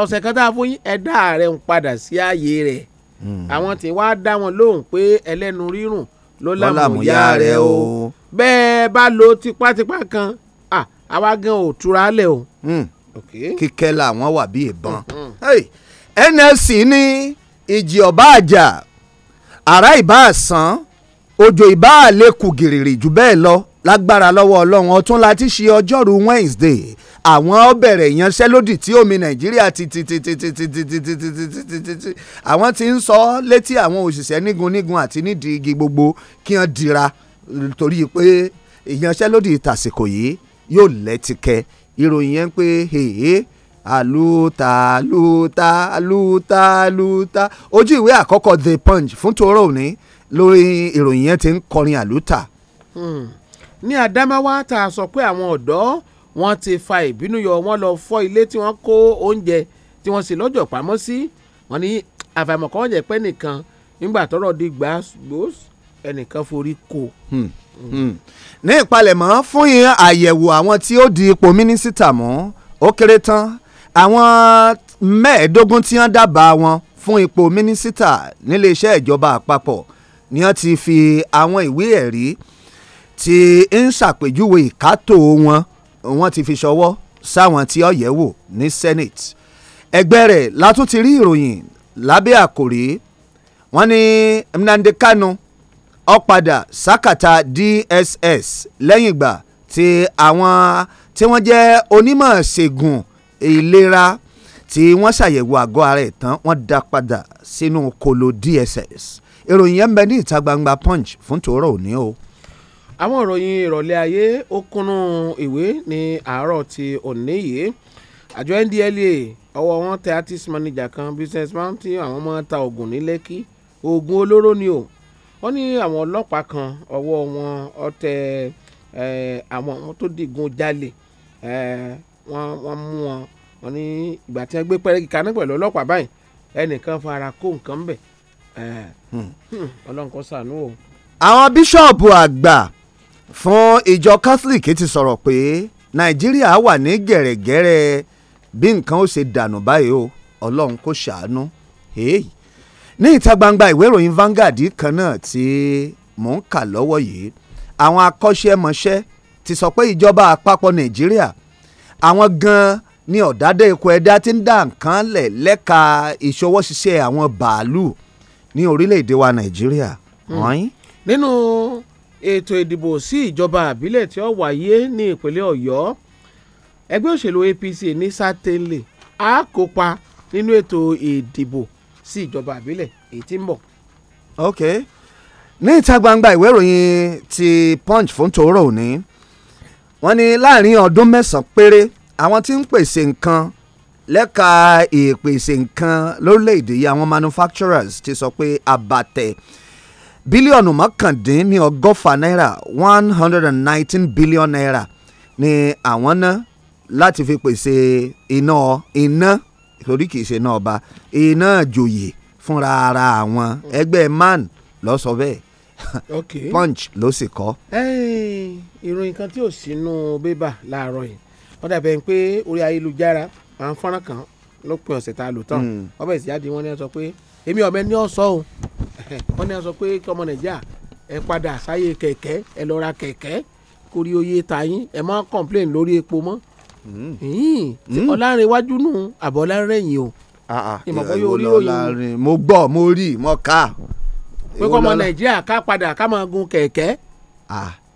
ọ̀sẹ̀ kan tá a fún yín ẹ̀dá rẹ̀ ń padà sí ààyè rẹ̀ hmm. àwọn tí wàá dá wọn lóhùn pé ẹlẹ́nu rírùn ló lámùyá rẹ̀ o bẹ́ẹ̀ bá lo tipátipá kan àwa gan ò túra lẹ̀ o. Hmm. kíkẹ́ làwọn wà bí ìbọn hmm. NLC ní ìjì ọba àjà àrá ìbá àsán òjò ìbá àlékù gìrìrì jù bẹ́ẹ̀ lọ lágbára lọ́wọ́ ọlọ́run ọ̀tún láti ṣe ọjọ́rú Wednesday àwọn bẹ̀rẹ̀ ìyanṣẹ́lódì tí omi nàìjíríà ti ti ti ti ti ti ti ti ti ti ti ti ti ti ti àwọn ti ń sọ létí àwọn òṣìṣẹ́ nígun nígun àti nídìí igi gbogbo kí wọ́n dira torí pé ìyanṣẹ́lódì tàsìkò yìí yóò lẹ́tìkẹ́ ìròyìn yẹn pé hèhè àlùtà àlùtà àlùtà àlùtà ojú ìwé àkọ́kọ́ the punch fún tòró òní lórí ìròyìn yẹn ti ń kọrin àlùtà. ní Adamawa tá a sọ pé àwọn ọ̀dọ́ wọ́n ti fa ìbínú yọ wọ́n lọ fọ́ ilé tí wọ́n kó oúnjẹ tí wọ́n sì lọ́jọ́ pamọ́ sí wọ́n ní àfàìmọ̀kọ́ oúnjẹ pẹ́ nìkan nígbà tọ́rọ̀ di gbàgbós ẹnìkan forí kò. Hmm, hmm. hmm. ní ìpalẹ̀mọ́ fún àyẹ̀wò àwọn tí ó di ipò mínísítà mú ó kéré tán àwọn mẹ́ẹ̀ẹ́dógún tí wọ́n dábàá wọn fún ipò mínísítà níléeṣẹ́ ìjọba àpapọ̀ ni wọ́n ti fi àwọn ìwé ẹ̀rí tí ń ṣàpèjúwe ìkátó wọn wọ́n ti fi ṣọwọ́ sáwọn tí ó wò ní senate ẹgbẹ́ rẹ̀ látún ti rí ìròyìn lábẹ́ àkòrí wọ́n ní Nnamdi Kanu ó padà DSS lẹ́yìn ìgbà tí àwọn tí wọ́n jẹ́ onímọ̀ ṣègùn ìlera tí wọ́n ṣàyẹ̀wò àgọ́ ara ẹ̀ tán wọ́n dá padà sínú kolo DSS ìròyìn yẹn ń bẹ ní ìta gbangba Punch fún tòórọ́ òní o àwọn ìròyìn ìrọ̀lẹ́ ayé ó kúnnú ìwé ní àárọ̀ ti òní yìí àjọ NDLEA ọwọ́ wọn tẹ artist manager kan businessman tí àwọn máa ta oògùn ní Lẹ́kì oògùn olóró ni o wọ́n ní àwọn ọlọ́pàá kan ọwọ́ wọn ọtẹ àwọn tó digun jalè wọ́n mú wọn wọ́n ní ìgbà tí wọ́n gbé pẹ́rẹ́gì kaná pẹ̀lú ọlọ́pàá báyìí ẹnìkan fara kó nǹkan bẹ̀ hmm. hmm, ọlọ́nkọ́ ṣàánú o. àwọn bíṣọ̀bù àgbà fún ìjọ catholic ti sọ̀rọ̀ pé nàìjíríà wà ní gẹ̀rẹ́gẹ̀rẹ́ bí nǹkan ó ṣe dànù báyìí o ọlọ́run kò ṣàánú hey. ní ìta gbangba ìwé ìròyìn Vanguard kan náà tí mò ń kà lọ́wọ́ yìí àwọn akọ́ṣẹ́mọṣẹ́ ti sọ pé ìjọba àpapọ̀ nàìjíríà àwọn gan-an ní ọ̀dádẹ́ ikọ̀ ẹ̀dá tí ń dà nǹkan lẹ̀ lẹ́ka ìṣọwọ́ ṣiṣẹ́ àwọn bàálù ní orílẹ̀-èdè wa nàìjíríà. Hmm. nínú ètò ìdìbò sí ìjọba àbílẹ̀ tí ó wáyé ní ìpínlẹ̀ ọ̀yọ́ ẹgbẹ́ òṣèlú apc ní sátẹ́lẹ̀ á kópa nínú ètò ìdìbò sí ìjọba àbílẹ̀ èyí tí ń bọ̀. ok ní ìta gbangba ìwé ìròyìn ti punch fún tòórọ́ òní wọ́n ní láàrin ọdún mẹ́sàn péré àwọn tí ń pèsè nǹkan lẹ́ka ìpèsè nǹkan lórílẹ̀‐èdè yìí àwọn manufacturers ti sọ pé àbàtẹ̀ bílíọ̀nù mọ́kàndínní ọgọ́fà náírà one hundred and nineteen billion naira ni àwọn ná láti fi pèsè iná iná torí kìí ṣe náà ọba iná ìjòyè fúnra ara àwọn ẹgbẹ́ man ló sọ bẹ́ẹ̀ punch ló sì kọ́. ìròyìn kan tí ò sínú bébà láàárọ̀ yìí wọ́n dàbẹ̀ pé orí ayélujára àwọn fọ́nrán kan lópin ọ̀sẹ̀ tá a lò tán ọbẹ̀ hmm. ìsìyáde wọn ni wọ́n sọ pé èmi ọ̀bẹ ní ọ̀sọ́ o wọ́n ní a sọ pé kí ọmọ nàìjíríà ẹ padà sáyé kẹ̀kẹ́ ẹ lọ ra kẹ̀kẹ́ kórí oyè tayín ẹ má complain lórí epo mọ́ ọ̀làrínwájú hmm. hmm. nù àbọ̀ ọ̀làrínrẹ̀yìn o ìmọ̀kọ́ yóò rí òyìn mo gbọ́ mo rí mo ká. pé kọ́ ọmọ nàìjíríà ká padà ká máa gun kẹ̀kẹ́ ah.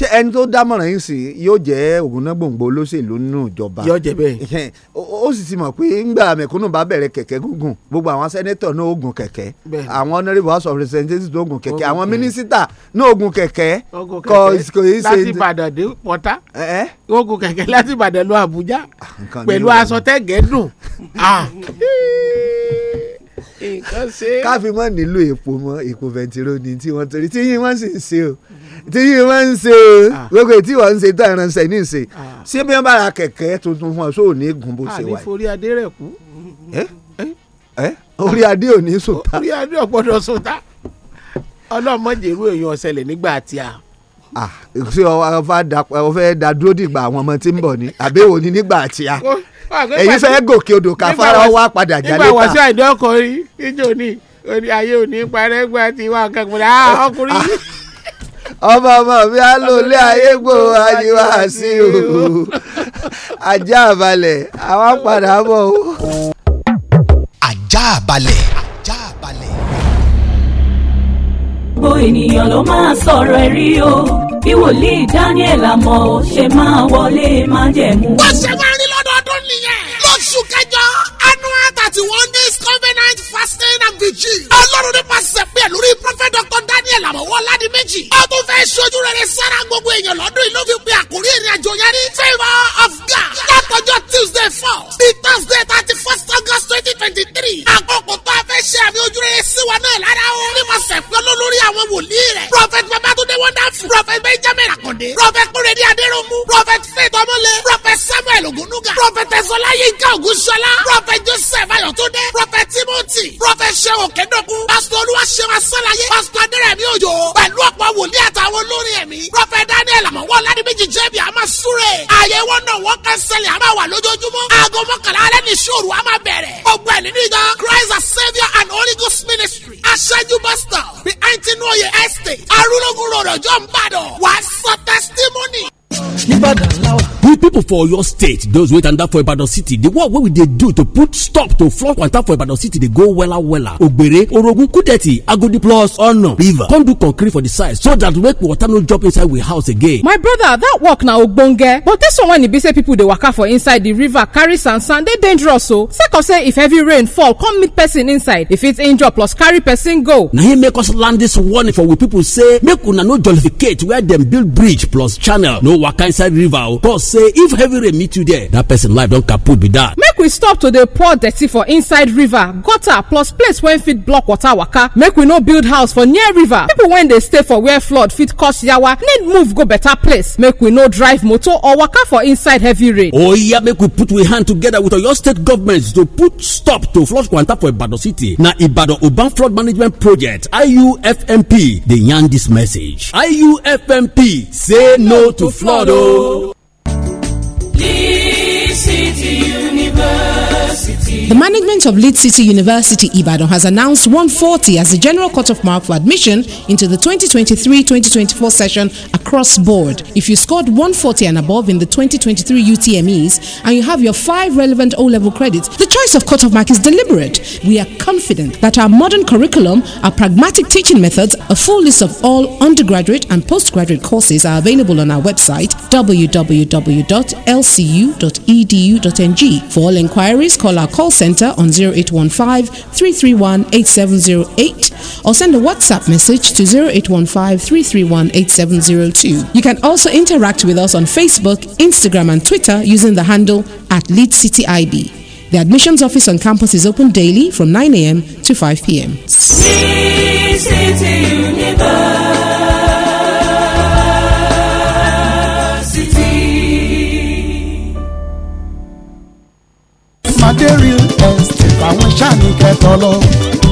ṣé ẹni tó dámọ̀ràn yín sí yóò jẹ́ ògúnnágbòǹgbò olóṣèlú nínú ìjọba yóò jẹ́ bẹ́ẹ̀ ó sì ti mọ̀ pé ńgbà mẹ̀kúnnù bá bẹ̀rẹ̀ kẹ̀kẹ́ gúngùn gbogbo àwọn sẹ́nẹ́tọ̀ náà ó kẹ̀kẹ́ àwọn honourable house of representatives náà ó kẹ̀kẹ́ àwọn mínísítà náà ó kẹ̀kẹ́ kò kò í ṣe. láti Ìbàdàn dé pọ́tà ó kẹ̀kẹ́ láti Ìbàdàn lọ Àbújá ah, pẹ̀lú aṣọ tẹ́gẹ̀ẹ́ nǹkan ṣe. káfí mọ́ nílò èpo mọ́ èpo bẹntiró ni tí wọ́n torí tí yín wọ́n sì ń ṣe o tí yín wọ́n ń ṣe o ah. gbogbo tí wọ́n ń ṣe tán ìránṣẹ́ ní ìṣe ah. ṣé bí wọ́n bá ra kẹ̀kẹ́ tuntun fún ọ sóò ní gùn bó ṣe ah, wà yìí. àní forí adé rẹ̀ kú. orí adé ò ní sòta. orí adé ò gbọ́dọ̀ sòta ọlọ́mọdèrú èèyàn ọ̀sẹ̀lẹ̀ nígbà tí a ṣé ọ fẹ́ dá dúró dìgbà àwọn ọmọ tí ń bọ̀ ni àbẹ́wò ni nígbà tí a èyí fẹ́ gòkè odò káfárá wá padà jálẹ̀ ta. nígbà wàásù àìdọ́kọ̀ rí níjó ni ayé òní parẹ́ gba ti wá nǹkan gbọ́dọ̀ á ah, ọkùnrin. ọmọ ọmọ mi á lò lé ayé gbò àyíwá sí o ajá àbálẹ̀ àwa padà bọ̀ o. ajá àbálẹ̀. ajá àbálẹ̀. gbogbo ènìyàn ló máa sọ̀rọ̀ ẹ̀rí o bí Daniel àmọ́ ṣe máa wọlé májẹ̀mú. wọ́n ṣe máa ń vigil. ọlọ́run nípasẹ̀ pé lórí prophet dr daniel àmọ́wọ́ ládi méjì. ó tún fẹ́ sojú rere sára gbogbo èèyàn lọ́dún yìí ló fi pe àkórí ìrìn àjò yẹn ní. favour of god látọjọ́ tuesday four sí thursday thirty first august twenty twenty three. àkókò tó a fẹ́ ṣe àmì ojú rere sí wa náà lára o. nípasẹ̀ pé olólórí àwọn wòlíì rẹ̀. prophet babatunde wonderful. prophet benjamin akande. prophet kúrẹ́dí adéròmù. prophet faith ọmọlé. prophet samuel ogunuga. prophet ẹ̀sọ́lá yínká ògúnṣọlá. prophet joseph ayọ̀túndé. prophet timothy. prophet ìránṣẹ́ òkè dọ́kun pásítọ̀ olúwaṣẹ́wà sálàyé pásítọ̀ adẹ́rẹ̀mí òjò pẹ̀lú ọ̀pọ̀ wòlíì àtàwọn olórin ẹ̀mí prọfẹ̀t daniel àmọ̀wọ́ ládìbíjì jẹ́bi àmà súre ààyè wọ́nà wọ́n kẹ́sẹ̀lẹ̀ àmà wà lójoojúmọ́ aago mọ́kànlá alẹ́ ní ṣòro àmà bẹ̀rẹ̀ ọgbà nínú ìjọ christ as saviour and holy ghost ministry aṣáájú pásítọ̀ behind tinuoye estate arúlógún testimony we people for your state those wey tanda for ibadan city the work wey we dey do to put stop to flood water for ibadan city dey go wella wella ogbere orogun kudeti agodi plus ono river come do concrete for the side so that make water no drop inside we house again. my brother that work na ogbonge but this one when e be say people dey waka for inside the river carry sand sand dey dangerous o sake of say if heavy rain fall come meet person inside e fit injure plus carry person go. na him make us land this warning for we people say make una no jollificate where dem build bridge plus channel no waka. waka inside river o oh, cos say if heavy rain meet you there that person life don kaput be that. make we stop to dey pour dirty for inside river gutter plus place wey fit block water waka make we no build house for near river people wey dey stay for where flood fit cause yawa need move go better place make we no drive motor or waka for inside heavy rain. oya oh, yeah, make we put we hand together with oyo state government to put stop to flood kwanta for ibadan city na ibadan urban flood management project iufmp dey yarn dis message iufmp say no to flood. God. Oh. The management of Leeds City University Ibadan has announced 140 as the general cut-off mark for admission into the 2023-2024 session across board. If you scored 140 and above in the 2023 UTMEs and you have your five relevant O-level credits, the choice of cut-off mark is deliberate. We are confident that our modern curriculum, our pragmatic teaching methods, a full list of all undergraduate and postgraduate courses are available on our website www.lcu.edu.ng. For all inquiries, call our call center on 0815-331-8708 or send a WhatsApp message to 0815-331-8702. You can also interact with us on Facebook, Instagram and Twitter using the handle at Lead City IB. The admissions office on campus is open daily from 9 a.m. to 5 p.m. àwọn sáà ní kẹtọ lọ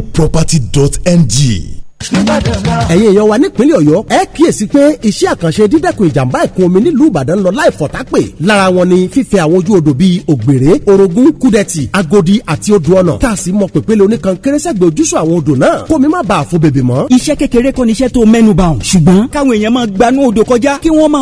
adproperty.ng ẹ̀yin èèyàn wa nípínlẹ̀ ọ̀yọ́ ẹ kíyèsí pé iṣẹ́ àkànṣe dídẹ́kun ìjàmbá ìkún omi nílùú ìbàdàn lọ láì fọ̀tápè lára wọn ni fífẹ́ àwọn ojú odò bíi ògbèrè orogún kúdẹ̀tì agodi àti odò ọ̀nà tá a sì mọ pèpele oníkan kérésẹ́gbẹ̀ ojúṣọ àwọn odò náà kó mi má bàa fo bèbè mọ́. iṣẹ́ kékeré kọ́ ni iṣẹ́ tó mẹ́nu bà ọ́ ṣùgbọ́n káwọn èèyàn máa gbanú odò kọjá kí wọ́n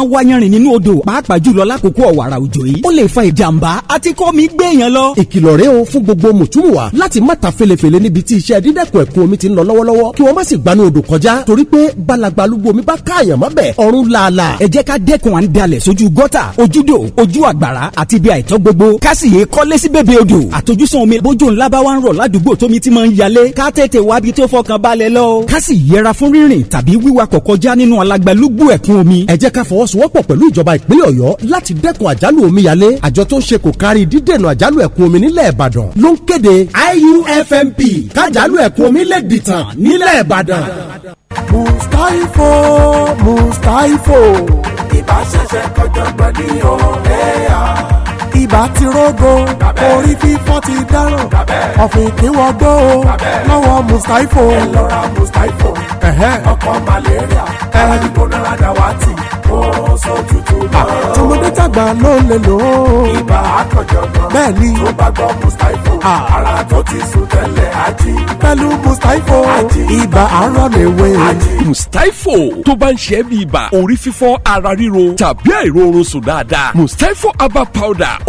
o fún gbogbo mùtúmùwà láti má ta felefele níbi tí iṣẹ́ dídẹ́kun ẹ̀kún omi ti ń lọ gb gbanú odò kọjá torí pé balagba lúgbó mi bá káàyàn mọ́ ọ̀run làálà. ẹ jẹ́ ká dẹ́kun à ń dalẹ̀ sójú gọ́tà ojúdò ojú àgbàrá àti ibi àìtọ́ gbogbo kásìyè kọ́lé sí bèbè odò àtojúsùn omi bójú ńlá bá wá ń rọ̀ ládùúgbò tómi ti máa ń yalé ká tètè wábi tó fọkàn balẹ̀ lọ. kásì yẹra fún rírìn tàbí wíwakọ̀ kọjá nínú alagbalúgbú Adam. Mustaifo Mustaifo. Ìbáṣẹ̀ṣẹ̀ kọjọ́ gbọ́dí o ẹ̀yà ibà ti rógo orí fífọ́ ti dáràn ọ̀fìn ìkínwọ́gbó o lọ́wọ́ mùsáífò. ẹ lọ mùsáífò ọkọ̀ malaria aládùúgbò náírà dàwátì ó sọ tútù náà. Ah, tọmọdé tàgbà ló lè lò ó. ibà àkànjọ̀gbọ́n bẹ́ẹ̀ ni tó bá gbọ́ mùsáífò ah. ara tó ti sùn tẹ́lẹ̀ ají. pẹ̀lú mùsáífò ibà arọ lè wé. mùsáífò tó bá ń ṣe é bí ibà orí fífọ́ ara ríro tàbí àìróorun sùn dáadáa mùsáífò herbal powder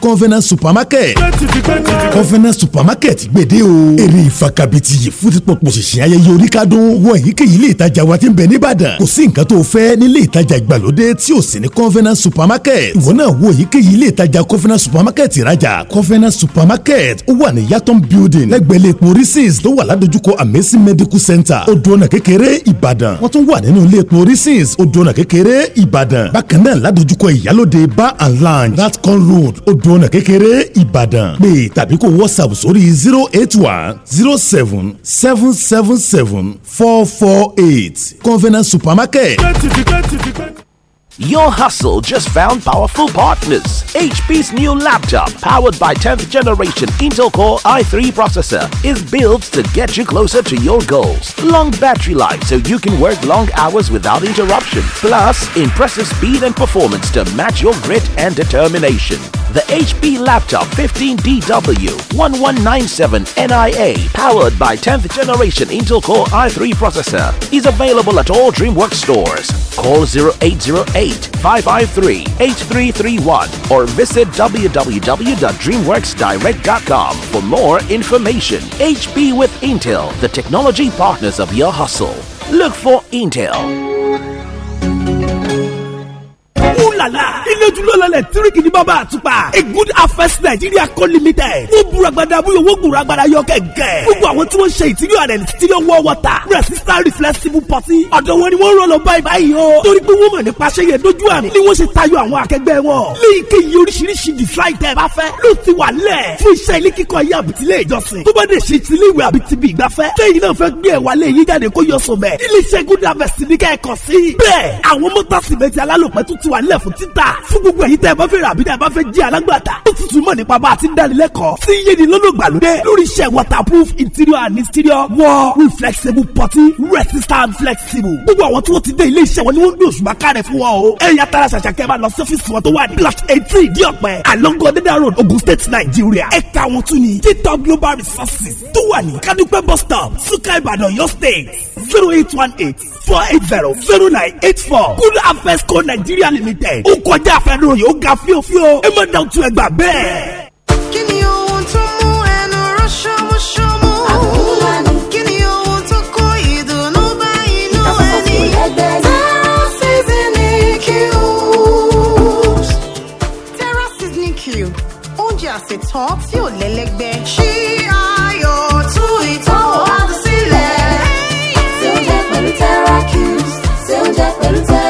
convenience supermarket convenience supermarket gbèdé o èrè ìfakabiti yìí fún títọ́ pòṣìṣì ayẹyẹ oríkádún wọ èyíkéyìí ilé ìtajà wa tí ń bẹ nìbàdàn kò sí nǹkan tó fẹ́ nílé ìtajà ìgbàlódé tí ò sí ní convenience supermarket ìwọ náà wo èyíkéyìí ilé ìtajà convenience supermarket ìrajà convenience supermarket ó wà ní yatom building lẹ́gbẹ̀lẹ́ epo reeses tó wà ládojúkọ amesi medical center odòọ̀nà kékeré ìbàdàn wọ́n tún wà nínú ilé epo reeses odòọ̀nà kékeré ìbàdàn bákan náà ládojúkọ ìyálòde bar and lounge road odò òpópónà kékeré ìbàdàn pé tàbí kó whatsapp sórí zero eight one zero seven seven seven seven four four eight supermarket. Your hustle just found powerful partners. HP's new laptop, powered by 10th generation Intel Core i3 processor, is built to get you closer to your goals. Long battery life so you can work long hours without interruption. Plus, impressive speed and performance to match your grit and determination. The HP Laptop 15DW1197NIA, powered by 10th generation Intel Core i3 processor, is available at all DreamWorks stores. Call 0808-553-8331 or visit www.dreamworksdirect.com for more information. HP with Intel, the technology partners of your hustle. Look for Intel. wúlàlà ilédúlọ́lẹ̀ tíríkì ní bàbá àtúpà a good affairs Nigeria co limited ó búra gbada bóyá owó gbòòrò agbada yọ kẹ̀kẹ́ gbogbo àwọn tí wọ́n ṣe ìtìlú àrẹ̀ ìtìlú wọ́ wọ́ta resistant reflexible pọtí ọ̀dọ̀ wọn ni wọ́n rán lọ báyìí báyìí o torí pé wọ́n mọ̀ nípa ṣe yẹn lójú àmì ni wọ́n ṣe tayọ àwọn akẹgbẹ́ wọn léyìíkéyìí oríṣiríṣi design fly ẹ bá fẹ́ ló ti wà lẹ̀ fún iṣẹ́ ilé kíkọ́ yé àbí tilé ìjọsìn tó bá dé ṣe tilé ìwé àbí tibi ìgbafẹ́ téyìn náà fẹ́ gbé ẹ̀wà lé yín jáde kó yọ sùn bẹ́ẹ̀ ilé iṣẹ́ good harvest ní kẹ́ẹ̀kan sí bẹ́ẹ̀ àwọn mọ́tà sìmẹ́ntì alálòpẹ́ tó ti wà ńlẹ̀ fún títà fún gbogbo ẹ̀yin tẹ́ ẹ bá fẹ́ rà àbí tẹ́ ẹ bá fẹ́ jẹ́ alágbàtà ó sì tún mọ̀ nípa bá a ti ń dánilẹ́kọ̀ọ́ tí yé ni lọ́lọ́gbàlódé lórí iṣẹ́ waterproof interior and exterior wall reflexible putty resistant flexible gbogbo àwọn tí wọ́n ti dé ilé iṣẹ́ wọn ni wọ́n ń gbé òṣùpá kárẹ̀ fún wọn o ẹ̀yà tara ṣàṣàkẹ́ máa lọ sọ́fíìsì wọn tó wà ní plot eighteen di ọ̀pẹ alongo deda road Ogun State Nigeria ẹ̀ka wọn tún ní jtop global resources tó wà ní kadupe bus stop suka Ibadan your State zero eight one eight four eight zero zero nine eight four good affairs co Nigeria limited limited ó kọjá àfẹnuròyìn ó ga fíofío ẹ má dá òtún ẹgbà bẹ́ẹ̀. kí ni ohun tó mú ẹnu rán ṣọ́múṣọ́mú? àbúrò lánàá. kí ni ohun tó kó ìdùnnú bá inú ẹni? Terra Seasonic Cubes. Terra Seasonic Cubes oúnjẹ àṣetán tí ò lẹ́lẹ́gbẹ́. ṣí ayọ̀ tú ìtàn wá sílẹ̀. ṣé oúnjẹ pẹ̀lú Terra Cubes ṣé oúnjẹ pẹ̀lú Terra.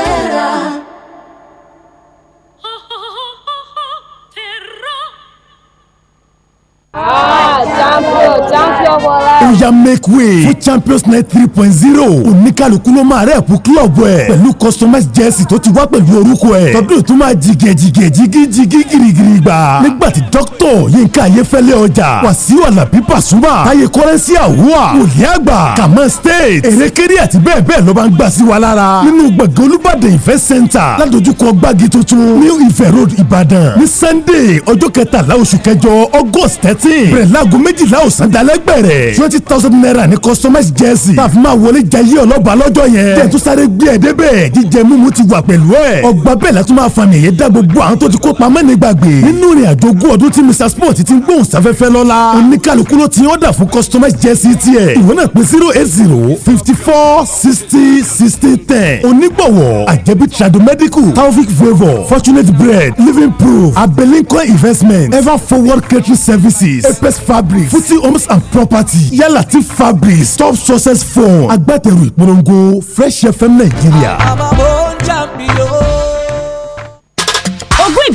bola. ó yá make way fún champions night three point zero oníkàlùkù ló máa rẹ̀ fún kílọ̀bù ẹ̀ pẹ̀lú customized jersey tó ti wá pẹ̀lú orúkọ ẹ̀ tọdún tó máa jìgẹ̀ jìgẹ̀ jìgí jìgí girigiri gbà nígbà tí doctor. yínká ayéfẹ́lẹ́ ọjà wàsíù alábí pàṣùmà táyé kọ́rẹ́nsì àwùwà òlì àgbà kàmá state èrèkéré àti bẹ́ẹ̀ bẹ́ẹ̀ ló máa ń gbà sí wa lára nínú gbọ̀ngàn olúbàdàn ìfẹ́ center ládojúkọ gbági tuntun new ife road ìbàdàn ní sunday ọjọ́ kẹtàlá oṣù kẹjọ august thirteen bẹ̀rẹ̀ láago méjìlá ọ̀sán dalẹ́gbẹ̀rẹ̀ twenty twenty thousand naira ní customized jersey tá a fi máa wọlé jayé ọlọ́ba lọ́jọ́ yẹn jẹ́ tó sáré gbé ẹ̀ débẹ̀ jíjẹ mímu ti wà pẹ̀lú ẹ̀ ọgbà bẹ́ẹ̀ la tún máa fa mi ẹ̀yẹ dá gbogbo àwọn tó ti kó pamọ́ ní gbàgbé nínú ìrìn àjò ogún ọdún tí Mr Sport ti ń gbóhùn sáfẹ́fẹ́ lọ́la oníkàlùkù ló ti ọ̀dà fún customized jersey tiẹ̀ ìwọ náà pé zero eight zero fifty four sixty sixty ten onígbọ̀wọ̀ àjẹbí trado medical taofik favour fortunate bread living proof abelinko investment ever forward catering services apes fabric futi homes and property yálà tí fabrics top success phone agbátẹrù ìpolongo fresh fm nàìjíríà. àbàbò ń jà mí o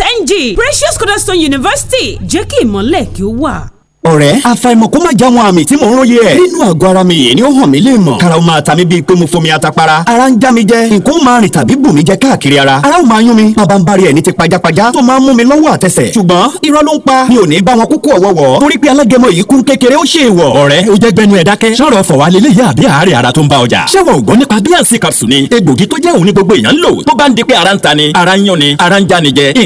ng Precious Cornerstone University jẹ́ kí ìmọ̀lẹ̀ kí ó wà ọ̀rẹ́ àfàìmọ̀ kó má já wọn àmì tí mò ń róye ẹ̀. nínú àgọ́ ara mi yìí ni ó hàn mí lè mọ̀. karaw máa ta mi bíi pé mo fomi atapara. ara ń já mi jẹ nǹkan máa rìn tàbí bù mí jẹ káàkiri ara. ara ó máa yún mi bàbá ń bari ẹ̀ ní ti pajápajá tó máa ń mú mi lọ́wọ́ àtẹsẹ̀. ṣùgbọ́n irọ́ ló ń pa mi ò ní bá wọn kúkú ọ̀wọ́wọ́. torí pé alágẹmọ yìí kún kékeré ó ṣe ìwọ̀. ọ̀rẹ́ o jẹ́ gbẹnu ẹ̀ dákẹ́. sọ̀rọ̀ fọ̀wálélé yá àbí di pé ara ń ta ni ara ń yán ni ara ń já